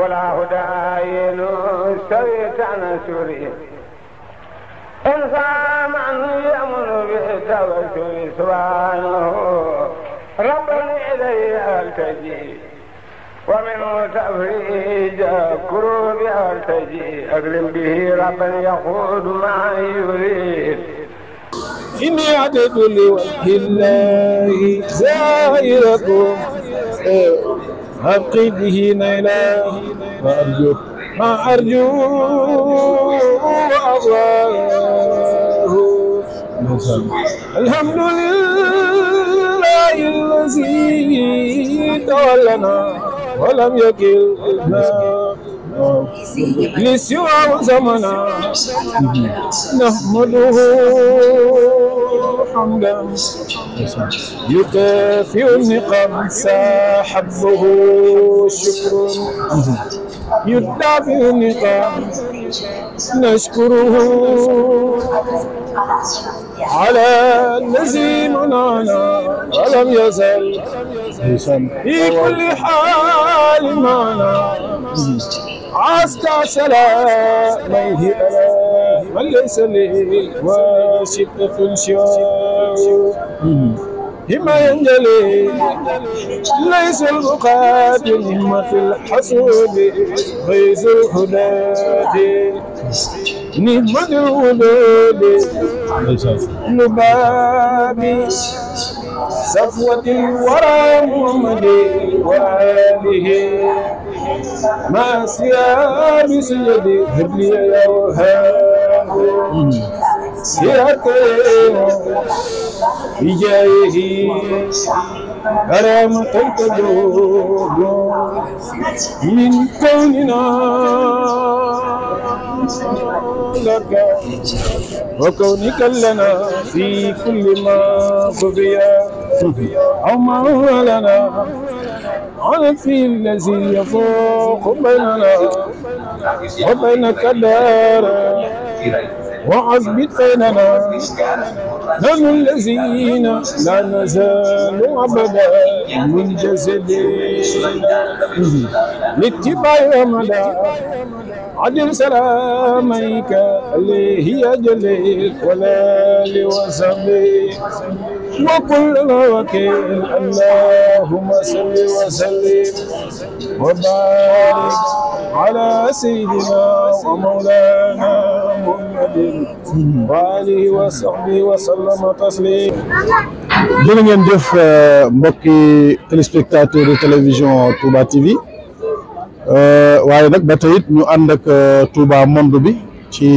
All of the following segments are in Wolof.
ولا هداين سويت عن سوريا ارفع معنه يمن بالتوكل سبحانه رب الي ألتجي ومن تفريج كروب ألتجي اقلم به ربا يقود ما يريد إني عدد لوجه الله زائركم عقيده نيلا أرجو ما أرجو وأرجو الحمد لله الذي تولنا ولم يكلنا لسوى زمنا نحمده حمدا يكافئ النقم سحبه شكر يدافئ النقم نشكره على الذي منعنا ولم يزل في كل حال معنا عسكر سلاميه ألا وليس لي وشدة شاء هما ينجلي ليس المقاتل في الحسود غيز الهدى نهمة الولود لبابي صفوة الورى محمد وآله ما سيا بسيدي هدي يا وهاب विजयी करम तंत्रो मिन कौनिना لك وكونك لنا في كل ما خفي أو ما لنا على في الذي يفوق بيننا وبينك دارا وأثبت بيننا نحن الذين لا نزال أبدا من جسدنا لاتباع مدى عدل سلاميك اللي هي جليل ولا لوسبي وكل وكيل اللهم صل وسلم وبارك على سيدنا ومولانا محمد وآله وصحبه وسلم تسليما jërë ngeen jëf euh, mbokki téléspectateur de télévision Touba TV euh, waaye nag ba tey it ñu ànd ak euh, Touba monde bi ci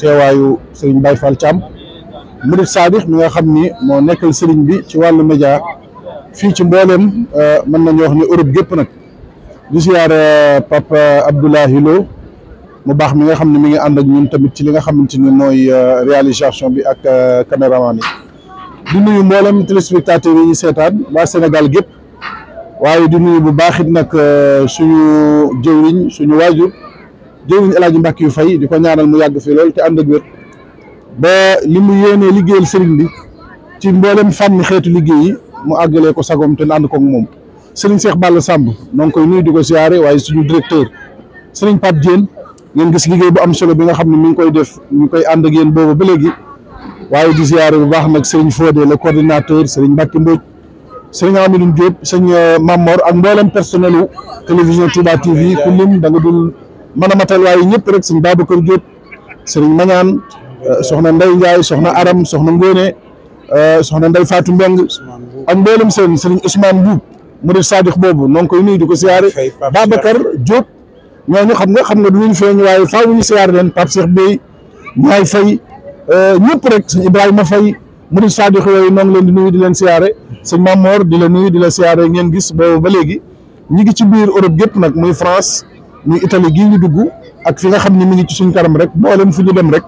teewaayu Serigne Baye Fall Thiam mourid saadix mi nga xamni mo nekkal serigne bi ci walu media fi ci mbooleem euh, man nañu wax ni Europe gep nak di siyaar euh, Papa Abdoulahi Lo mu bax mi nga xamni mi ngi and ak ñun tamit ci li nga xamante ni mooy euh, réalisation bi ak caméraman yi di nuyu mboolem téléspectateurs yi ñu wa waa Sénégal gépp waaye di nuyu bu baxit nak suñu jëwriñ suñu wajur jëwriñ El Mbacke yu fay ñaanal mu yàgg fi lol te and ak ba li mu yéenee liggéeyal sëriñ bi ci mboolem fànn xeetu liggéey yi mu àggalee ko sagom te ànd kook moom sëriñ Cheikh Balla Samb noo koy nuyu di ko siyaare waaye suñu directeur sëriñ Pape Diène ngeen gis liggéey bu am solo bi nga xam ne mu ngi koy def ñu koy ànd ak yéen boobu ba léegi waaye di siyaare bu baax nag sëriñ Fodé le coordinateur sëriñ Mbacke Mbodj sëriñ Amadou Diop sëñ euh, Mamor ak mboolem personnel u télévision Touba TV ku lim da nga dul mën a matal ñëpp rek sëñ Babacar Diop sëriñ Euh, soxna Ndeye Ndiaye soxna Aram soxna Ngóone euh, soxna Ndeye Fatou Mbeng ak mboolem seen sëriñ Ousmane Mbuub murid saadix boobu noo ngi koy nuyu di ko siyaare Babacar Diop ñooñu xam nga xam nga du ñu feeñ waaye faaw ñu siyaare leen Pape Cheikh Bey ñaay fay euh, ñëpp rek sëñ Ibrahima Fay murid saadix yooyu noo leen di nuyu di leen siyaare sëñ Mamor di la nuyu di la siyaare ngeen gis boobu ba léegi ñi ngi ci biir Europe gépp nag muy France muy Italie gii ñu dugg ak fi nga xam ne mi ngi ci suñ kanam rek mboolem fu ñu rek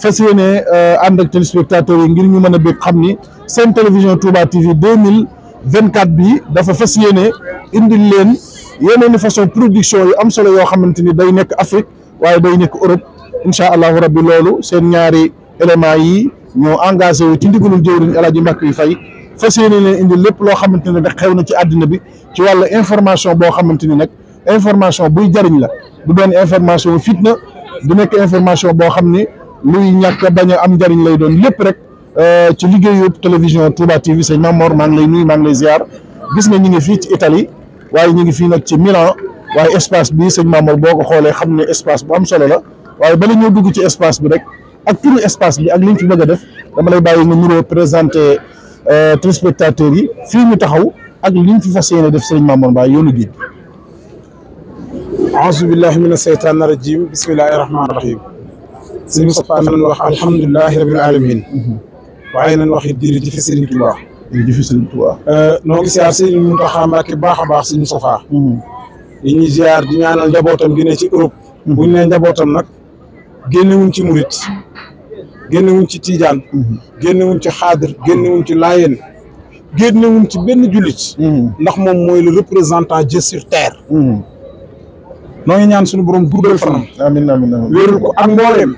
fas yéene euh, ànd ak téléspectateurs yi ngir ñu mën a bëgg xam ni seen télévision Touba TV deux mille vingt quatre bi dafa fas yéene indil leen yeneen i façon production yu am solo yoo xamante ni day nekk Afrique waaye day nekk Europe incha allahu rabbi loolu seen ñaari éléments yi ñoo engagé wu ci ndigalul jëwriñ El Hadji Mbacké Faye fas yéene leen indil lépp loo xamante ne nag xew na ci àddina bi ci wàllu information boo xamante ni nag information buy jariñ la du doon information fitna du nekk information boo xam ni. luy ñàkk bañ a am njëriñ lay doon lépp rek ci liggéeyu télévision Touba TV sëñ Mamor maa ngi lay nuyu maa ngi lay ziar gis nga ñu ngi fii ci Italie waaye ñu ngi fii nag ci Milan waaye espace bi sëñ Mamor boo ko xoolee xam ne espace bu am solo la waaye bala ñoo dugg ci espace bi rek ak turu espace bi ak liñ fi bëgg a def dama lay bàyyi nga nuroo présenté téléspectateurs yi fii ñu taxaw ak liñ fi fas yéene def sëñ Mamor Mbaye yoonu gi. aouzu billahi mina seytaani rajim bismillahi rahmaani rahim سيدي مصطفى فنان وخ الحمد لله رب العالمين وعينا وخ يدير دي في سيدي توا دي في سيدي توا أه، ا نو سي ار سيدي منتخا مكي باخ باخ سيدي مصطفى ني ني زيار دي نانال جابوتام دي ني سي اوروب بو ني جابوتام نك генي وون موريت генي وون تيجان генي وون خادر генي وون لاين генي وون سي بن جوليت نخ موم موي لو تير noo ngi ñaan suñu borom guddal fanam. amiin amiin ko ak mbooleem.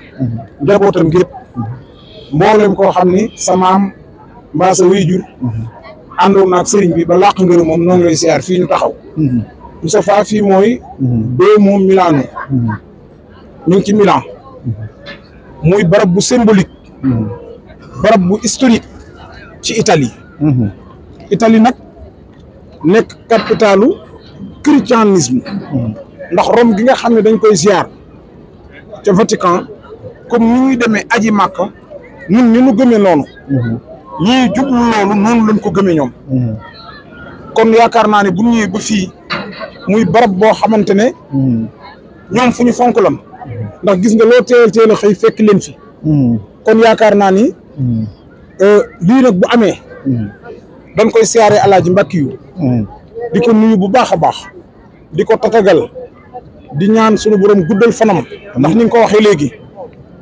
njabootam gépp mm-hmm. mbooleem koo xam ni samaam maam mbaa sa wéyjur. Mm-hmm. sëriñ bi ba làq ngërëm moom noo ngi lay siyaar fii ñu taxaw. Mm-hmm. Moustapha fii mooy. bee moom Milano. ñu ci Milan. muy barab bu symbolique. barab bu historique. ci Italie. Italie nag nekk capitalu christianisme. ndax Rome gi nga xam ne dañ koy ziar ca Vatican comme ni ñuy demee aji màkk ñun ñu nu gëmee noonu. Mhm. ñi jublu loolu noonu lañ ko gëmee ñoom. Mhm. kon yaakaar naa ne bu ñëwee ba fii muy barab boo xamante ne. Mhm. ñoom fu ñu fonk lam ndax gis nga loo teel teel a xëy fekk leen fi. kon yaakaar naa ni. Euh, lii nag bu amee. dañ koy siyaaree alaaji mbàkk yu. di ko nuyu bu baax a baax. di ko tatagal. di ñaan suñu borom guddal fanam ndax ni nga ko waxe legi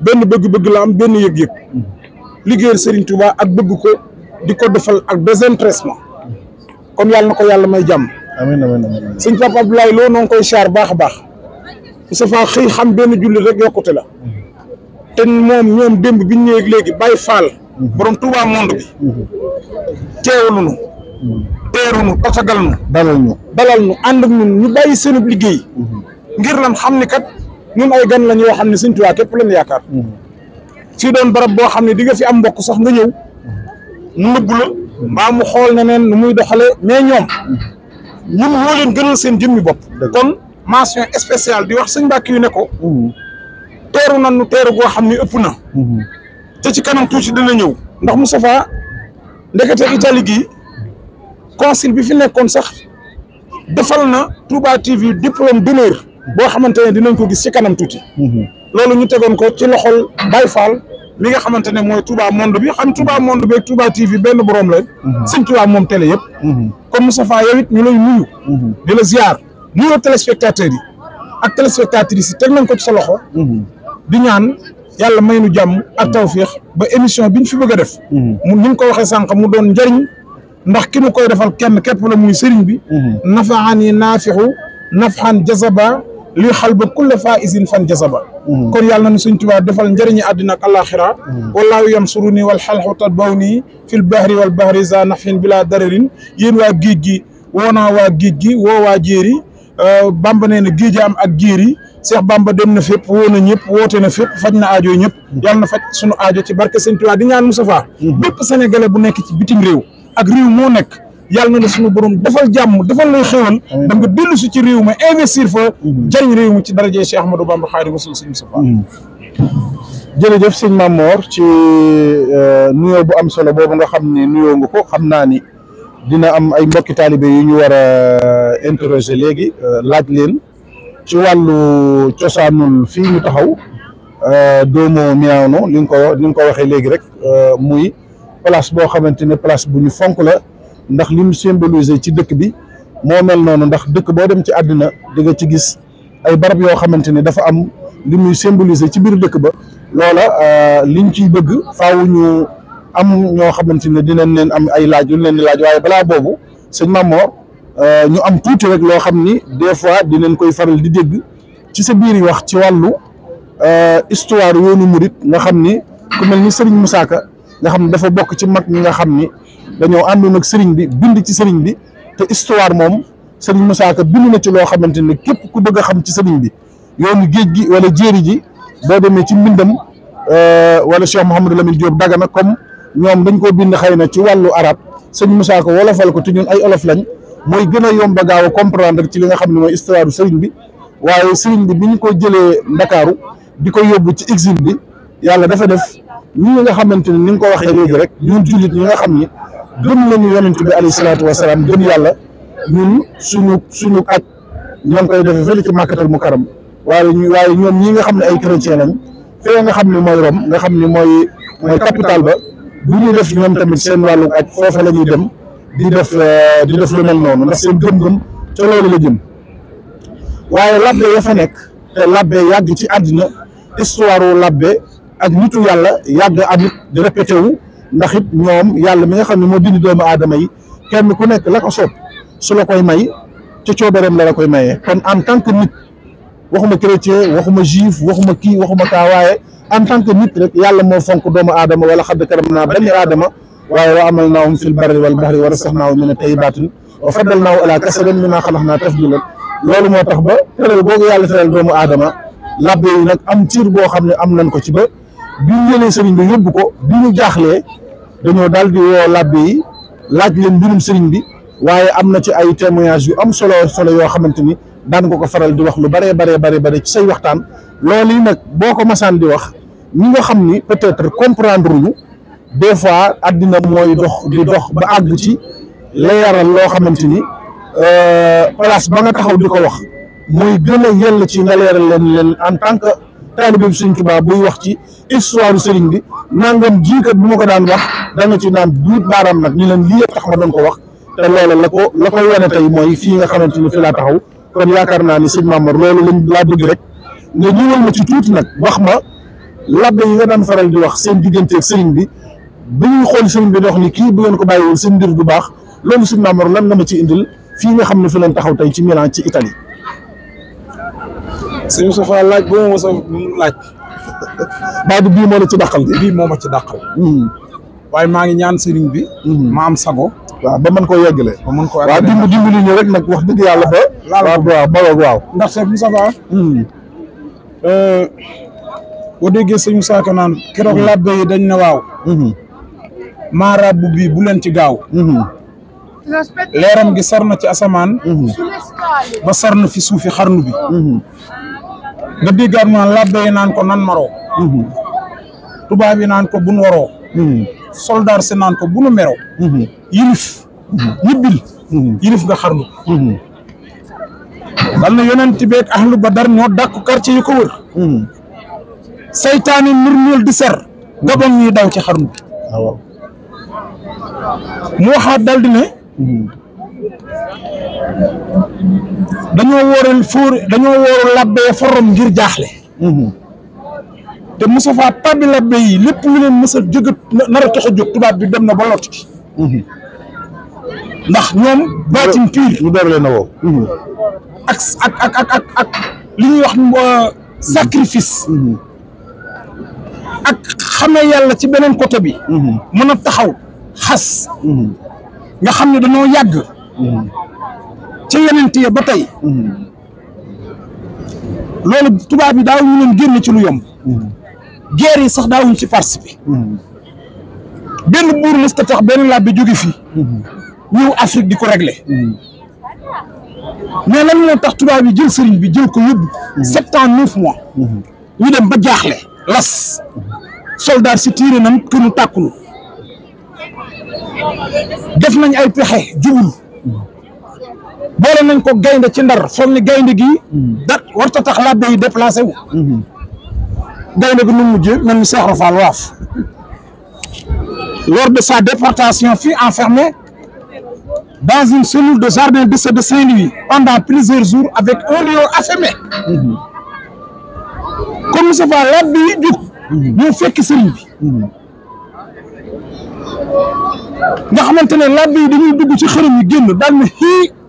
benn bëgg-bëgg la am benn yëg-yëg liggéeyal Serigne Touba ak bëgg ko diko defal ak désintéressement comme yalla nako yalla may jàmm. amin amin amiin sëñ Papa Abdoulaye Lo non koy xaar bax bax baax Moussa Fall xam benn julli rek yokkute la té mom ñom demb bi ñëw legi bay Baye borom Touba monde bi. teewalu nu. téeru nu tatagal nu. dalal ñu dalal nu and ak ñun ñu bayyi seenu liggéey ngir lan xamni kat ñun ay gan lañ yoo xam ne Sëñ Tuubaa lañ si hmm. doon barab bo xamni di fi am mbokk sax nga ñew hmm. mu nëbbu la mu xol na neen nu muy doxale mais ñom hmm. ñun mo leen gënal seen jëmmi bop kon mention spéciale di wax sëñ Mbàkke yu neko ko nan nu teeru go xamni ëpp na te ci kanam ci dina ñew ndax mustafa ndekete Italie gi consul bi fi nekkon sax defal na Touba TV diplôme d'honneur boo xamante ne dinañ ko gis ci kanam tuuti. Mhm. loolu ñu tegoon ko ci loxol Baye Fall mi nga xamante ne mooy Touba Monde bi xam Touba Monde bi ak Touba TV benn borom lañ. Mhm. sëñ Touba moom télé yëpp. Mhm. kon Moustapha yow ñu lay si di la ziar nuyoo ak téléspectatrices yi teg nañ ko ci sa loxo. di ñaan yàlla may nu jàmm ak tawféex ba émission biñ fi bëgg a def. mu ni ko waxee sànq mu doon njëriñ ndax ki nu koy defal kenn képp la muy sëriñ bi. nafaxaan yi naafixu nafaxaan jazaba li xal ba kulle faa isin fan jasaba mhm. kon yàlla na suñ tubaa defal njëriñu àddina ak alaxira mhm. walaahu yansuru nii wal xalxu tatbaw nii fil bahri wal bahri za nafin bila dararin yéen waa géej gi woo naa waa géej gi woo waa jéeri euh, bamba nee na géej am ak jéeri Seex Bamba dem na fépp woo na ñëpp woote na fépp faj na aajo ñëpp mhm. yàlla na faj sunu aajo ci barke sëñ tubaa di ñaan Moustapha bépp sénégalais bu nekk ci bitim réew ak réew moo nekk yal na suñu borom defal jamm defal lay xewal da nga dellu ci rew ma investir fa jagn rew mi ci daraje Cheikh Ahmadou Bamba Xaadimu Rasuul sëñ Mustafa jërëjëf seigne mamour ci euh, nuyoo bu am solo bobu nga xamni nuyo nuyoo nga ko xamna ni dina am ay mbokki talibé yu ñu wara euh, interroger légui euh, laaj leen ci walu ciosanul fi ñu taxaw doomu Miaono li ngi ko li ngi ko waxe légui rek muy place bo xamante place bu ñu fonk la ndax li mu symboliser ci dëkk bi moo mel noonu ndax dëkk boo dem ci àddina di nga ci gis ay barab yoo xamante ni dafa am li muy symboliser ci biir dëkk ba loola euh, liñ ciy bëgg faaw ñu am ñoo xamante ne dinañ leen am ay laaj yu leen di laaj waaye balaa boobu sëñ Mamor euh, ñu am tuuti rek loo xam ni des fois dinañ koy faral di dégg ci sa biir wax ci wàllu euh, histoire yoonu murit nga xam ni ku mel ni Serigne Moussa Ka nga xam ni dafa bokk ci mag ñi nga xam ni dañoo àndoon ak sëriñ bi bind ci sëriñ bi te histoire moom sëriñ Moussa Ka bind na ci loo xamante ne képp ku bëgg a xam ci sëriñ bi yoonu géej gi wala jéeri ji boo demee ci mbindam euh, wala Cheikh Mouhamadou Lamine Diop Dagana comme ñoom dañ koo bind xëy na ci wàllu araab sëriñ Moussa Ka wolofal ko te ñun ay olof lañ mooy gën a yomb a comprendre ci li nga xam ne mooy histoire du sëriñ bi waaye sëriñ bi bi ñu ko jëlee Ndakaaru di ko yóbbu ci exil bi yàlla dafa def ñi nga xamante ni ni nga ko waxee léegi rek ñun jullit nga xam ni gëm nañu yonent bi alayhi salaatu wa salaam gëm yàlla ñun suñu suñu aj ñoo ngi koy defee fële ci màkkatal mu karam waaye ñu waaye ñoom ñi nga xam ne ay chrétien lañ fee nga xam ne mooy Rome nga xam ni mooy mooy capital ba bu ñuy def ñoom tamit seen wàllu aj foofa la ñuy dem di def euh, di def lu mel noonu ndax seen gëm-gëm ca loolu la jëm waaye labbe ya fa nekk te labbe yàgg ci àddina histoire wu labbe ak nitu yàlla yàgg amit di répété ndax it ñoom yàlla mi nga xam ne moo bind doomu aadama yi kenn ku nekk la ko soob su la koy may ci coobareem la la koy mayee kon en tant que nit waxuma chrétien waxuma juif waxuma kii waxuma kaa waaye en tant que nit rek yàlla moo fonk doomu aadama wala xadd karam naa bani aadama waaye wa amal fil barri wal bahri wa rasaxnaahum min atayibatin wa faddal ala kasarin minna xalax naa tafdilan loolu ba tëral googu yàlla tëral doomu aadama labbe yi am ciir boo xam am nañ ko ci ba bi ñu sëriñ bi yóbbu ko bi ñu dañu daldi wo labbi laaj leen mbirum serigne bi waye amna ci ay témoignage yu am solo solo yo xamanteni ni daan nga ko faral di wax lu bare bare bare bare ci say waxtan loolu nak boko boo ko di wax ñi nga xamni peut-être comprendre ñu des fois adina moy dox di dox ba ag ci leral lo xamanteni euh place ba nga taxaw di ko wax moy gëna a yell ci nga leral leen en tant que taalibeem Sëriñ Tuubaa buy wax ci histoire sëriñ bi nangam kat bu ma ko daan wax dana ci naan duut baaraam nag ñu leen lii yëpp tax ma doon ko wax te loola la ko la koy wane tey mooy fii nga xamante ni fi laa taxaw kon yaakaar naa ni sëñ Mamour loolu lañ laa bëgg rek nga ñëwal nag wax ma labbe yi nga daan faral di wax seen digganteeg sëriñ bi bi ñuy xool sëriñ bi dox ni kii bu ngeen ko bàyyiwul seen mbir baax loolu sëñ Mamour lan nga ma ci indil fii nga xam ne fi leen taxaw tey ci Milan ci Italie sëñ Moustapha laaj bu ma mos laaj. baatu bii moo la ci dàqal. bii moo ma ci dàqal. Hmm. ngi ñaan bi. Hmm. ma sago. ba mën koo yeggale. ba mën koo yeggale waaw dimb dimbali rek nag wax dëgg yàlla ba. laal waaw waaw waaw. ndax sëñ Moustapha. Hmm. Euh, boo déggee sëñ Moussa Ka naan keroog labbe yi dañ bu ci gaaw. gi ba fi xarnu bi. nga déggaat mu naan labbe yi ko nan maroo mhm. tubaab yi naan ko bu nu waroo mhm. soldaar si naan ko bu nu meroo mhm. yilif ñibbil yilif nga xarnu dal na yonent beeg ahlu badar ñoo dàkku quartier yi ko wër saytaani di ser gabon ñuy daw ci xarnu bi ah, mu waxaat di ne dañoo wóorul fuur dañoo wóorul labbee forom ngir jaaxle mhm. te Moustapha pabbi labbe yi lépp lu leen mës a a tax a jóg tubaab bi dem na ba lott ci mhm. ndax ñoom baatim piir woo mhm. ak ak ak ak ak ak li ñuy wax euh, sacrifice ak xamee yàlla ci beneen côté bi mën a taxaw xas nga xam ne dañoo yàgg ci yonent ya ba tey loolu tubaab yi daawuñu leen génn ci lu yomb guerre sax daawuñ ci participer benn buur mësta tax benn laaj bi jóge fii ñëw di ko régler mais lan moo tax tubaab yi jël sëriñ bi jël ko yóbbu sept ans neuf mois ñu dem ba jaaxle las soldat si tiire nan kënu tàkkulu def nañ ay pexe jubul Hmm. lors de sa déportation fut enfermé dans une cellule de jardin de de Saint-Louis pendant plusieurs jours avec un lion affamé hmm. comme ça va la nous fait nga xamante ne làbbe yi dañuy dugg ci xërëm yi génn daal na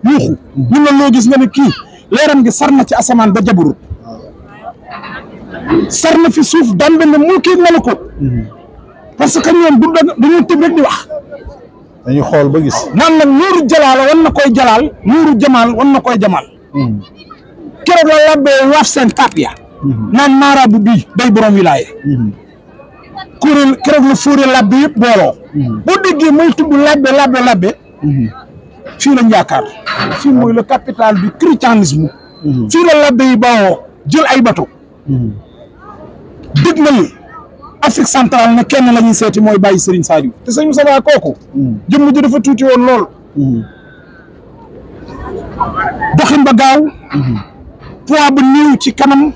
yuuxu ñun la loo gis nga ne kii leeram gi sar na ci asamaan ba jaburut sar na fi suuf daan benn mu kii malakut parce que ñoom du dañuy tëb rek di wax dañuy xool ba gis naan la nuuru jalaal wan na koy jalaal nuuru jamaal wan na koy jamaal hmm. keroog la làbbe waaf seen hmm. naan maara bu bii day borom wilaaye hmm. kuréel keroog la fóore labbe yëpp booloo mhm. boo déggee mooy tudd labbe labbe labbe mhm. fii lañ yaakaar fii mooy le capital du christianisme mhm. fii la labbe yi jël ay bato dëgg nañu Afrique centrale ne kenn la ñuy seeti mooy bàyyi Serigne Saliou te sëñ Moussa kooku jëmm jë dafa tuuti woon lool doxin ba gaaw poids ba néew ci kanam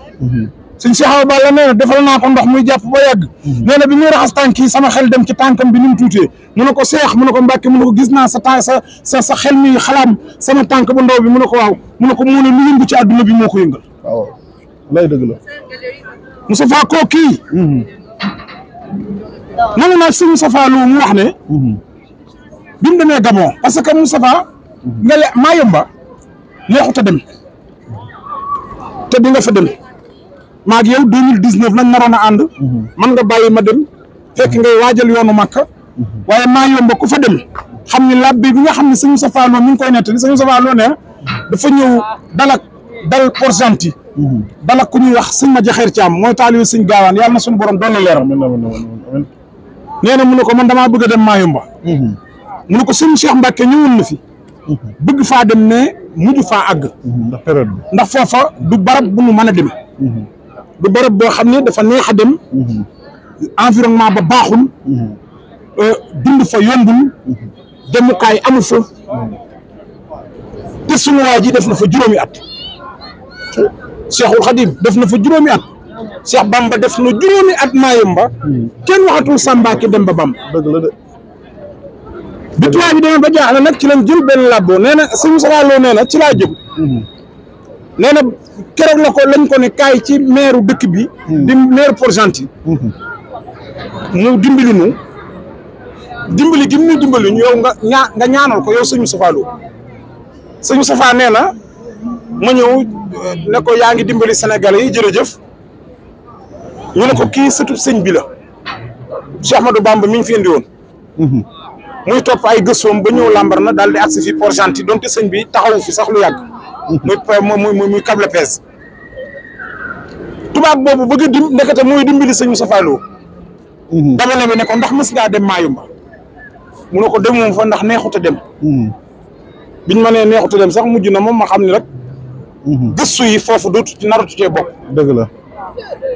suñ si xaw balla nee na defal naa ko ndox muy jàpp ba yàgg mhm. nee na bi muy raxas tànk yi sama xel dem ci tànkam bi ni mu tuutee mu ne ko seex mu ne ko mbàkke mu ne ko gis naa sa ta sa sa sa xel mi xalaam sama tànk bu ndaw bi mu ne ko waaw mu ne ko mu ne lu yëngu ci àdduna bi moo ko yëngal waaw lay dëgg la Moustapha koo kii mhm. nangu naa suñu Moustapha lu mu wax ne mhm. bi mu demee Gabon parce que Moustapha nga maa yomba neexut a dem te di nga fa dem maag yow 2019 nak narona and man nga bàyyi ma dem fekk mhm. ngay waajal yoonu makka mhm. waye ma yomb ko fa dem xamni ni labbe bi nga xamni seigne Safa Lo ni ngi koy netti seigne Safa Lo ne dafa ñew dalak dal porjanti, dalak mhm. ku ñu wax seigne ma jaxeer ci am moy talu seigne yàlla yalla suñu borom doon leer neena mu ne ko man dama bëgg dem ma yomba mu ko Cheikh Mbacke ñewul na fi bëgg fa dem ne ndax ndax fofa du barab bu mu mëna dem ba barab boo xam ne dafa neex a dem. Mhm. environnement ba baaxul. Mhm. Euh, dund fa yombul. Mhm. demukaay amu fa. te sunu waa def na fa juróomi at. Cheikhul Khadim def na fa juróomi at. Cheikh Bamba def na juróomi at Mayumba. kenn waxatul Samba ki dem ba Bamba. dëgg la de. bi tubaab bi demee ba nag ci lañ jël benn labo nee na suñu salaaloo nee na ci laa jóg. nee na keroog la ko ne kaay ci maire dëkk bi. di maire Port-Gentil. mu dimbali nu dimbali gi mu dimbali ñu yow nga ñaa ñaanal ko yow sëñ Moustapha Lo sëñ Moustapha nee na ma ñëw euh, ne ko yaa ngi dimbali Sénégalais yi jërëjëf ñu ne ko kii sëtu sëñ bi la Cheikh Ahmadou Bamba mi ñu fi indi woon. Mhm. muy topp ay gëstoom ba ñëw lambar na daal di agsi fi Port Gentil donte sëñ bi taxawu fi sax lu yàgg. Mm-hmm. muy muy muy câble pèse. tubaab boobu bëgg a dim nekkate mooy dimbali sëñ Moussa Fallou. Mm-hmm. dama ne ne ko ndax mës ngaa dem Mayumba. mu ne ko demoon fa ndax neexut a dem. Mm-hmm. biñ ma nee neexut dem sax mujj na moom ma xam ne rek. gëstu yi foofu dootu ci naratu cee bopp. dëgg la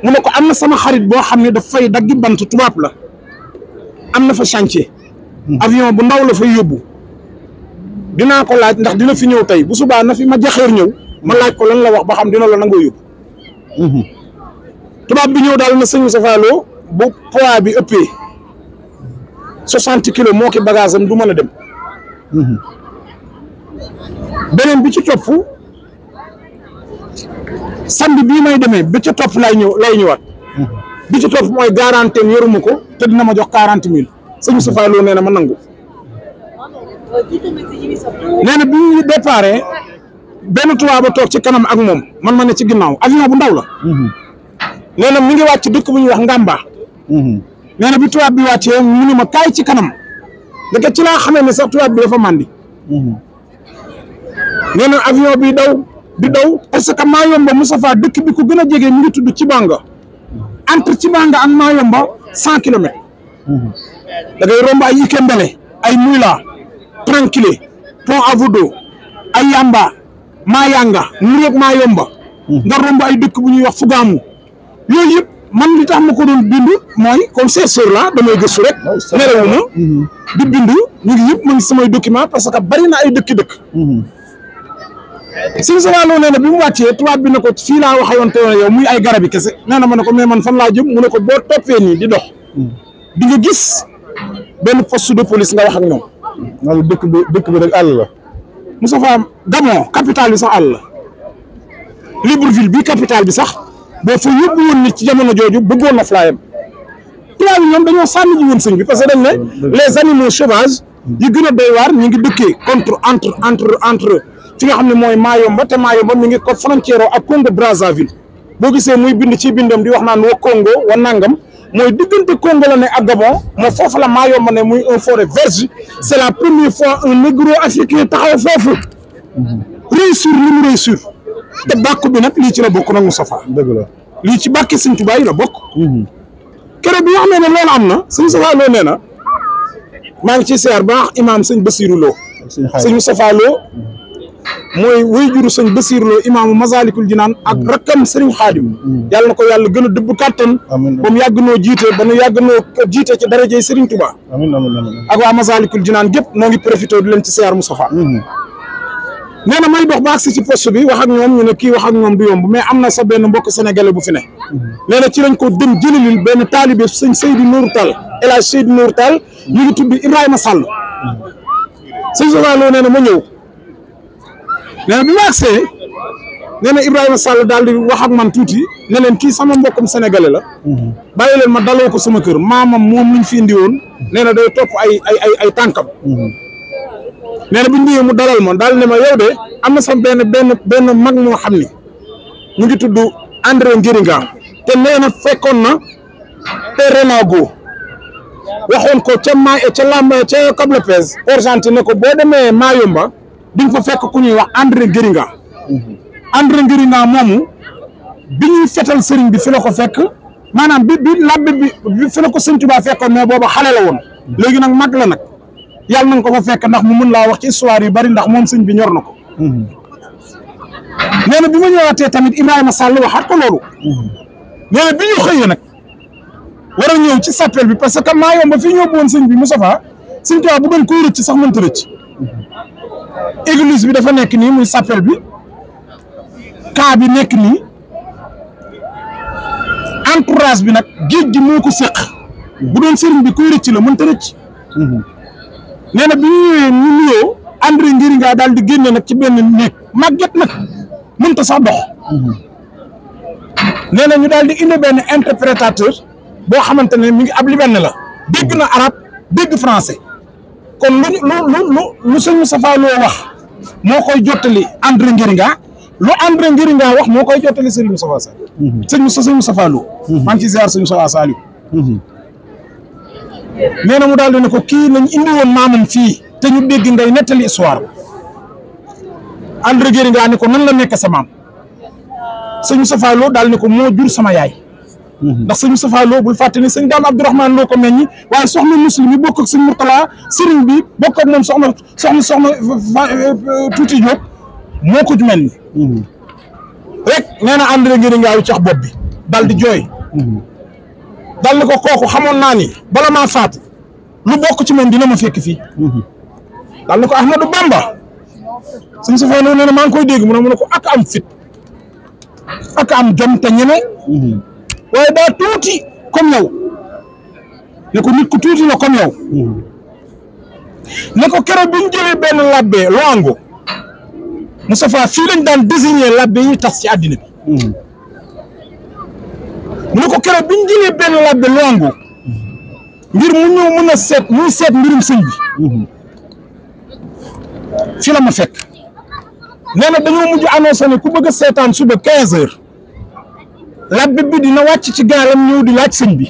mu ne ko am na sama xarit boo xam ne daf fay daggi bant tubaab la. am na fa chantier. avion bu ndaw la fay yóbbu dinaa ko laaj ndax dina fi ñëw tey bu subaa na fi ma jaxeer ñëw ma laaj ko lan la wax ba xam dina la nangoo yóbbu mhm. tubaab bi ñëw daal na sëñu Moussa Fallo bu poids bi ëppee soixante kilo moo ki bagage am du mën a dem mhm. beneen bi ci topp samedi bii may demee bi ci topp lay ñëw lay ñëwaat mhm. bi ci topp mooy garantie yoruma ko te dina ma jox quarante mille sëñ Moustapha Lo nee na ma nangu nee na bi ñu déparé benn tubaab ba toog ci kanam ak moom man ma ne ci ginnaaw avion bu ndaw la mhm. nee na mi ngi wàcc dëkk bu ñuy wax Ngamba mhm. nee na bi tubaab bi wàccee mu ne ma kaay ci kanam ndeke ci laa xamee ne sax tubaab bi dafa màndi mhm. nee na avion bi daw di daw parce que Mayomba Moustapha dëkk bi ko gën a jege mi ngi tudd Cibanga entre ci Cibanga ak Mayomba cent kilomètres da ngay romb ay Ikembele ay Muyla Tranquille Pont Avodo ay Yamba Mayanga Mouré ak Mayomba. Hmm. nga romb ay dëkk bu ñuy wax Fugamu yooyu yëpp man li tax ma ko doon bind mooy comme chercheur la damay gëstu rek. nerewu ma hmm. di bind ñu ngi yëpp man samay document parce que bari na ay dëkki dëkk. Sëñ Sawa Lo nee na bi mu wàccee tubaab bi ne ko fii laa waxawoon te yow muy ay garab yi kese nee na ma ne ko mais man fan laa jëm mu ne ko boo toppee di dox. Hmm. di nga gis benn poste de police nga wax ak ñoom dëkk bi dëkk bi rek àll la Moustapha Gabon capitale bi sax àll la Libreville bi capital bi sax boo fa yóbbu woon nit ci jamono jooju bëggoon na flyam tubaab yi ñoom dañoo sànni ji woon sëñ bi parce que dañ ne les animaux sauvages yi gën a doy waar ñu ngi dëkkee contre entre entre entre fi nga xam ne mooy Mayomba te Mayomba mi ngi ko frontière ak Congo Brazzaville boo gisee muy bind ci bindam di wax naan wa Congo wa nangam. mooy diggante ne ak Gabon moo foofu la Mayomba ne muy un forêt vierge c' la première fois un négro-africain taxaw foofu réussir li mu réussir bàkku bi nag lii ci la bokk nag Moustapha dëgg la lii ci bàkke Sëñ Tuubaa yi la bokk mhm. keroog bi nga xam ne loolu am na sëñ Moustapha Lo nee na maa ngi ci seer baax imaam sëñ Basiru Lo sëñ Moustapha Lo mooy way juru sëñ Basiir Lo imaamu Masalikul Jinaan ak mm. rakkam sëriñ Xaadim mm. yàlla na ko yàlla gën a dëbb kàttan ba mu yàgg noo jiite ba nu yàgg noo jiite ci darajey sëriñ Tuubaa ak waa Masalikul Jinaan gépp moo ngi profité di leen ci siyaar Mustafa mm-hmm. nee na may dox ba agsi ci poste bi wax ak ñoom ñu kii wax ak ñoom du yomb mais am na sa benn mbokk sénégalais bu fi ne mm-hmm. nee na ci lañ ko dem jëlilil benn taalibe sëñ Seydou Nour Tall El Hadj Seydou Nour Tall ñu ngi tudd Ibrahima Sall mm-hmm. sëñ nee ma ñëw nee na bi ma agsee nee na Sall daal di wax ak man tuuti ne kii sama mbokkum senegale la. bàyyi leen ma daloo ko sama kër maamam moom luñ fi indi woon nee na day topp ay ay ay ay tànkam. nee na bu mu dalal ma daal ne ma yow de am sama benn benn benn mag moo xam ni mu ngi tudd André Ngéringa te nee na fekkoon na Perrenago waxoon ko ca ma ca làmb ca Cap-Lépez Argentine ne ko boo demee Mayumba di nga fa fekk ku ñuy wax André Guéringa André Guéringa momu biñu ñuy sëriñ bi fi la ko fekk manam bi bi labbe bi fi la ko sëñ Tuubaa fekk mais bobu xalé la woon légui nak mag la nak yalla nang ko fa fekk ndax mu mën la wax ci histoire yu bari ndax mom sëñ bi ñor nako néna bima na tamit Ibrahima Sall waxaat ko lolu néna biñu bi nak wara ñëw ci sappel bi parce que ma yomb ba fii ñëw bon sëñ bi Moustapha sëñ Tuubaa bu gën ko rëcc sax mën ta rëcc église bi dafa nek ni muy sapel bi ka bi nek ni encourage bi nak geejgi moko sekk bu doon serigne bi kuy recc la mën ta recc na bi ñu ñëwee andri ngir nga dal di genn nak ci benn magget nak mën ta sax dox neena ñu dal di indi benn interprétateur bo xamantene mi ngi ab li benn la dégg na arab dégg français kon lu lu lu lu lu sëñ Moustapha Lo wax moo koy jottali André Ngiringa lu André Ngiringa wax moo koy jottali sëñ Moustapha Sall. Mhm. sëñ Moustapha sëñ Moustapha Lo. Mhm. maa ngi ciy ziar sëñ mhm. na mu daal di ne ko kii nañ indi woon maamam fii te ñu dégg nettali histoire André Ngiringa ko nan la nekk sa maam sëñ daal ne ko moo jur sama yaay. Mhm. ndax sëñ Moustapha Lo bul fàtte ni sëñ Daam Abdourahmane Lo ko meññi waaye soxna muslim yi bokk ak sëñ Mourtala sëriñ bi bokk ak moom soxna soxna soxna tuuti Diop moo ko meññi mhm. rek nee na ànd na ngeen ngaaw bi dal di jooy mhm. dal ni ko kooku xamoon naa ni bala maa faatu lu bokk ci man dina ma fekk fii dal ni ko Ahmadou Bamba sëñ Moustapha Lo nee na maa ngi koy dégg mu ne mu ko ak am fit ak am jom te ñeme waaye daa tuuti comme yow ne ko nit ku tuuti la comme yow ne ko keroog bi ñu jëlee benn labbe Loango Moustapha fii lañ daan désigner labbe yi tas ci àddina bi mu ne ko keroog bi ñu jëlee benn labbe Loango ngir mu ñëw mën a seet muy seet mbirum sëñ bi fii la ma fekk nee na dañoo mujj annoncé ne ku bëgg a seetaan suba 15 heures labbe bi dina wàcc ci gaaram ñëw di laaj sëñ bi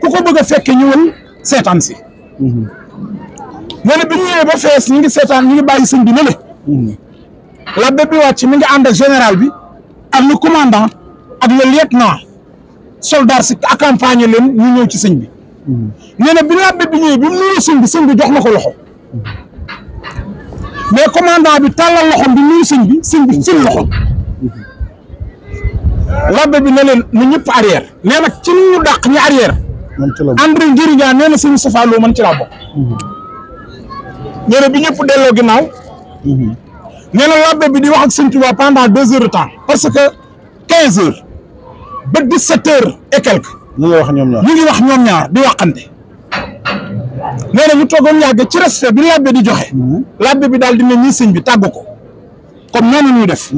ku ko bëgg a fekke ñëwal seetaan si nee na bi ñu ñëwee ba fees ñu ngi seetaan ñu ngi bàyyi sëñ bi lële labbe bi wàcc mi ngi ànd ak général bi ak le commandant ak le lieutenant soldat si accompagné leen ñu ñëw ci sëñ bi nee bi labbe bi ñëwee bi mu nuyu sëñ bi sëñ bi jox na ko loxo mais commandant bi tàllal loxom bi nuyu sëñ bi sëñ bi fil loxom rabbe bi ne len ñu ñep arrière né nak ci ñu dakk ñi arrière André Njëriñaa né na suñu safaa loo man ci la bok mhm. nee na bi ñep delo ginaaw mhm. né na rabbe bi di wax ak seigne touba pendant 2 heures de temps parce que 15 heures ba 17 heures et quelque ñu wax ñom ñaar ñu ngi wax ñom ñaar di waxante né na ñu togon yàgg ci respect bi labbe di joxe labbe mhm. bi di ne ñi seigne bi tàggu ko comme noonu ñuy def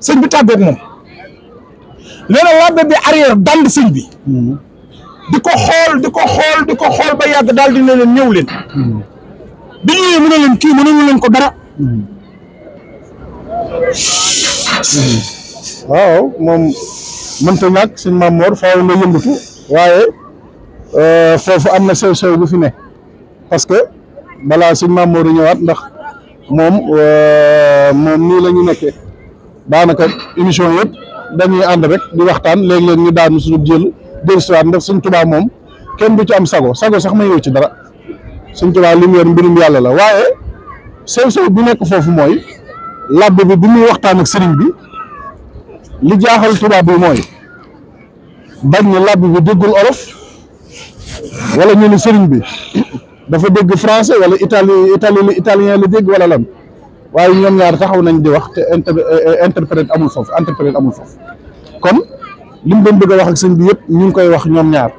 seigne bi tàggoog mom nee na labbe bi arrière dand sëñ bi di ko xool di ko xool di ko xool ba yàgg daal di ne leen ñëw leen bi ñëwee mu ne leen kii mënuñu leen ko dara waaw moom mënta nag sëñ Maam Moor faaw nga yëngatu waaye euh, foofu am na sew-sew bu fi ne parce que balaa sëñ Maam Moor ñëwaat ndax moom euh, moom nii la ñu nekkee daanaka émission yëpp dañuy ànd rek di waxtaan léeg-léeg ñu daanu suñu jël jël si waat ndax suñ tubaa moom kenn du ci am sago sago sax ma yow ci dara suñ tubaa li mu yor la waaye sew sew bi mooy làbb bi bi muy waxtaan ak sëriñ bi li jaaxal tubaab bi mooy bañ ne làbb bi déggul olof wala ñu ne sëriñ bi dafa dégg français wala itali itali italien la dégg wala lan. waaye ñoom ñaar taxaw nañ di wax te inter eh, interprète amul foofu interprète amul foofu kon li mu doon bëgg a wax ak sëñ bi yëpp ñu ngi koy wax ñoom ñaar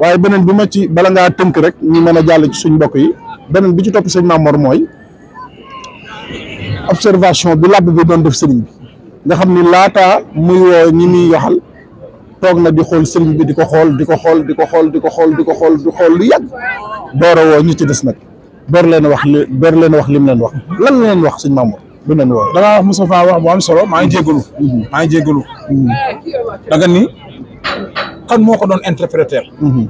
waaye beneen bi ma ci bala ngaa tënk rek ñu mën a jàll ci suñ mbokk yi beneen bi ci topp sëñ Mamor mooy observation bi làbb bi doon def sëriñ bi nga xam ni laataa muy woo ñi muy waxal toog na di xool sëriñ bi di ko xool di ko xool di ko xool di ko xool di ko xool di xool lu yàgg door a woo ñi ci des nag. door leen wax li door leen wax lim leen wax lan la leen wax suñ Mamour lu leen woo da ngaa wax Moustapha wax bu solo maa ngi jégalu mhm. maa ngi jégalu ni kan moo ko doon interpréter mhm.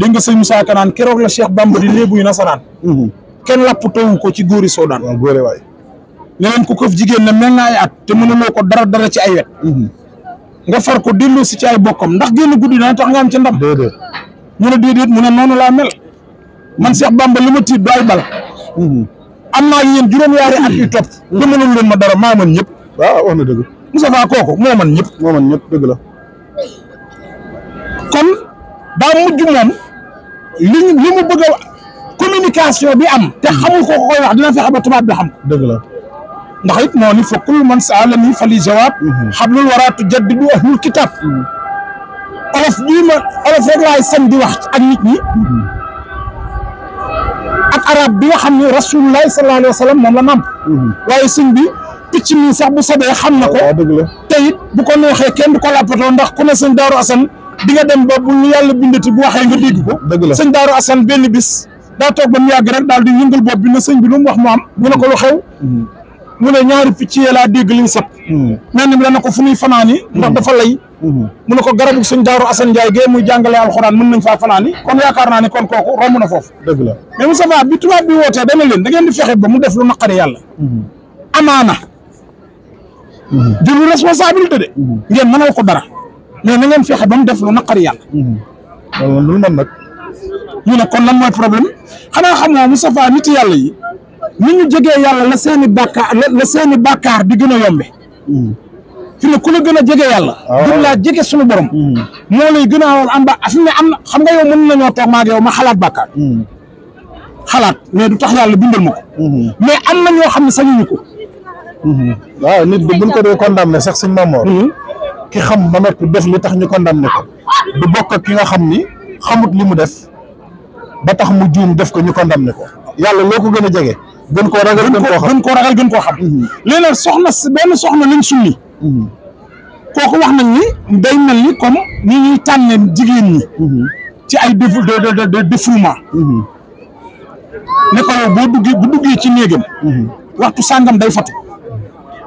dégg nga sëñ naan Kanaan keroog la Cheikh Bamba di léebuy nasaraan mhm. kenn lapp tawu ko ci góori Soodaan waaw góore waay ne leen ko këf jigéen ne mel naa at te mënuloo ko dara dara ci ay nga far ko delloo ci ay bokkam ndax génn guddi dana tax nga am ci mu ne noonu laa mel man Cheikh Bamba lu ma tiit du ay bala mhm. am naa yéen juróom-ñaari at yu topp da mhm. mënul leen ma dara maa mën ñëpp waaw wax na dëgg Moussa Fa kooku moo mën ñëpp moo mën ñëpp dëgg la kon daa mujj moom liñ li mu bëgg a communication bi am te mhm. xamul kooku koy wax dina fexe ba tubaab bi xam dëgg la ndax it moo ni fokkul man saalani fali jawaab xablul waraatu jaddidu ahlul kitaab olof bii ma olof rek laay sañ di wax ak nit ñi ak arab bi nga xam ne rasulullah sallallahu alayhi wa sallam moom la namp mhm. waaye sëñ bi picc mi sax bu sobee xam na ko te bu ko neexee kenn du ko lappatoo ndax ku ne sëñ Daaru Asan di nga dem ba bu ñu yàlla bindati bu waxee nga dégg ko sëñ Daaru Asan benn bis daa toog ba mu yàgg daal di yëngal bopp bi na sëñ bi lu mu wax mu am ñu ko lu xew mhm. mu ne ñaari picc yee laa dégg liñ sab mhm. mel ni dana ko fu muy fanaani ndax dafa lay Mhm. mu ne ko garabu suñ daaru Assane Ndiaye ge muy jangale alxuraan mën nañ fa fanaani kon yaakaar naa ni kon koku romu na fofu deug la mais Moussa bi tuba bi wote dama len da ngeen di fexé ba mu def lu nakari yalla mhm. amana mhm. jëlu responsabilité de ngeen mënal ko dara mais na ngeen fexé ba mu def lu nakari yalla lu man nak ñu ne kon lan moy problème xanaa xamoo Moussa Fall nit yalla yi ni ñu jégué yalla la seeni bakkar la seeni bakkar di gëna yombé fi ne ku la gëna jëgé yalla du ah. la jëgé suñu borom hmm. mo lay gëna wal am ba fi ne am xam nga yow mën tok ma ak yow ma xalaat bakkar hmm. xalaat mais du tax yalla bindal ma ko hmm. mais am na ñoo xam ne sañuñu ko waaw nit bu buñ ko do condamné sax suñu mamo ki xam ba noppi def li tax ñu condamné ko du bokk ki nga xam ni xamut limu def ba tax mu joom def ko ñu condamné ko yalla loko gëna jëgé gën ko ragal gën ko xam gën ko ragal gën ko xam léeg soxna ben soxna lañ sunni kooku wax nañ ni day mel ni comme ni ñuy tànne jigéen ñi mhm. ci ay def de de défoulement mhm. boo duggee bu duggee ci néegam mhm. waxtu sàngam day fatu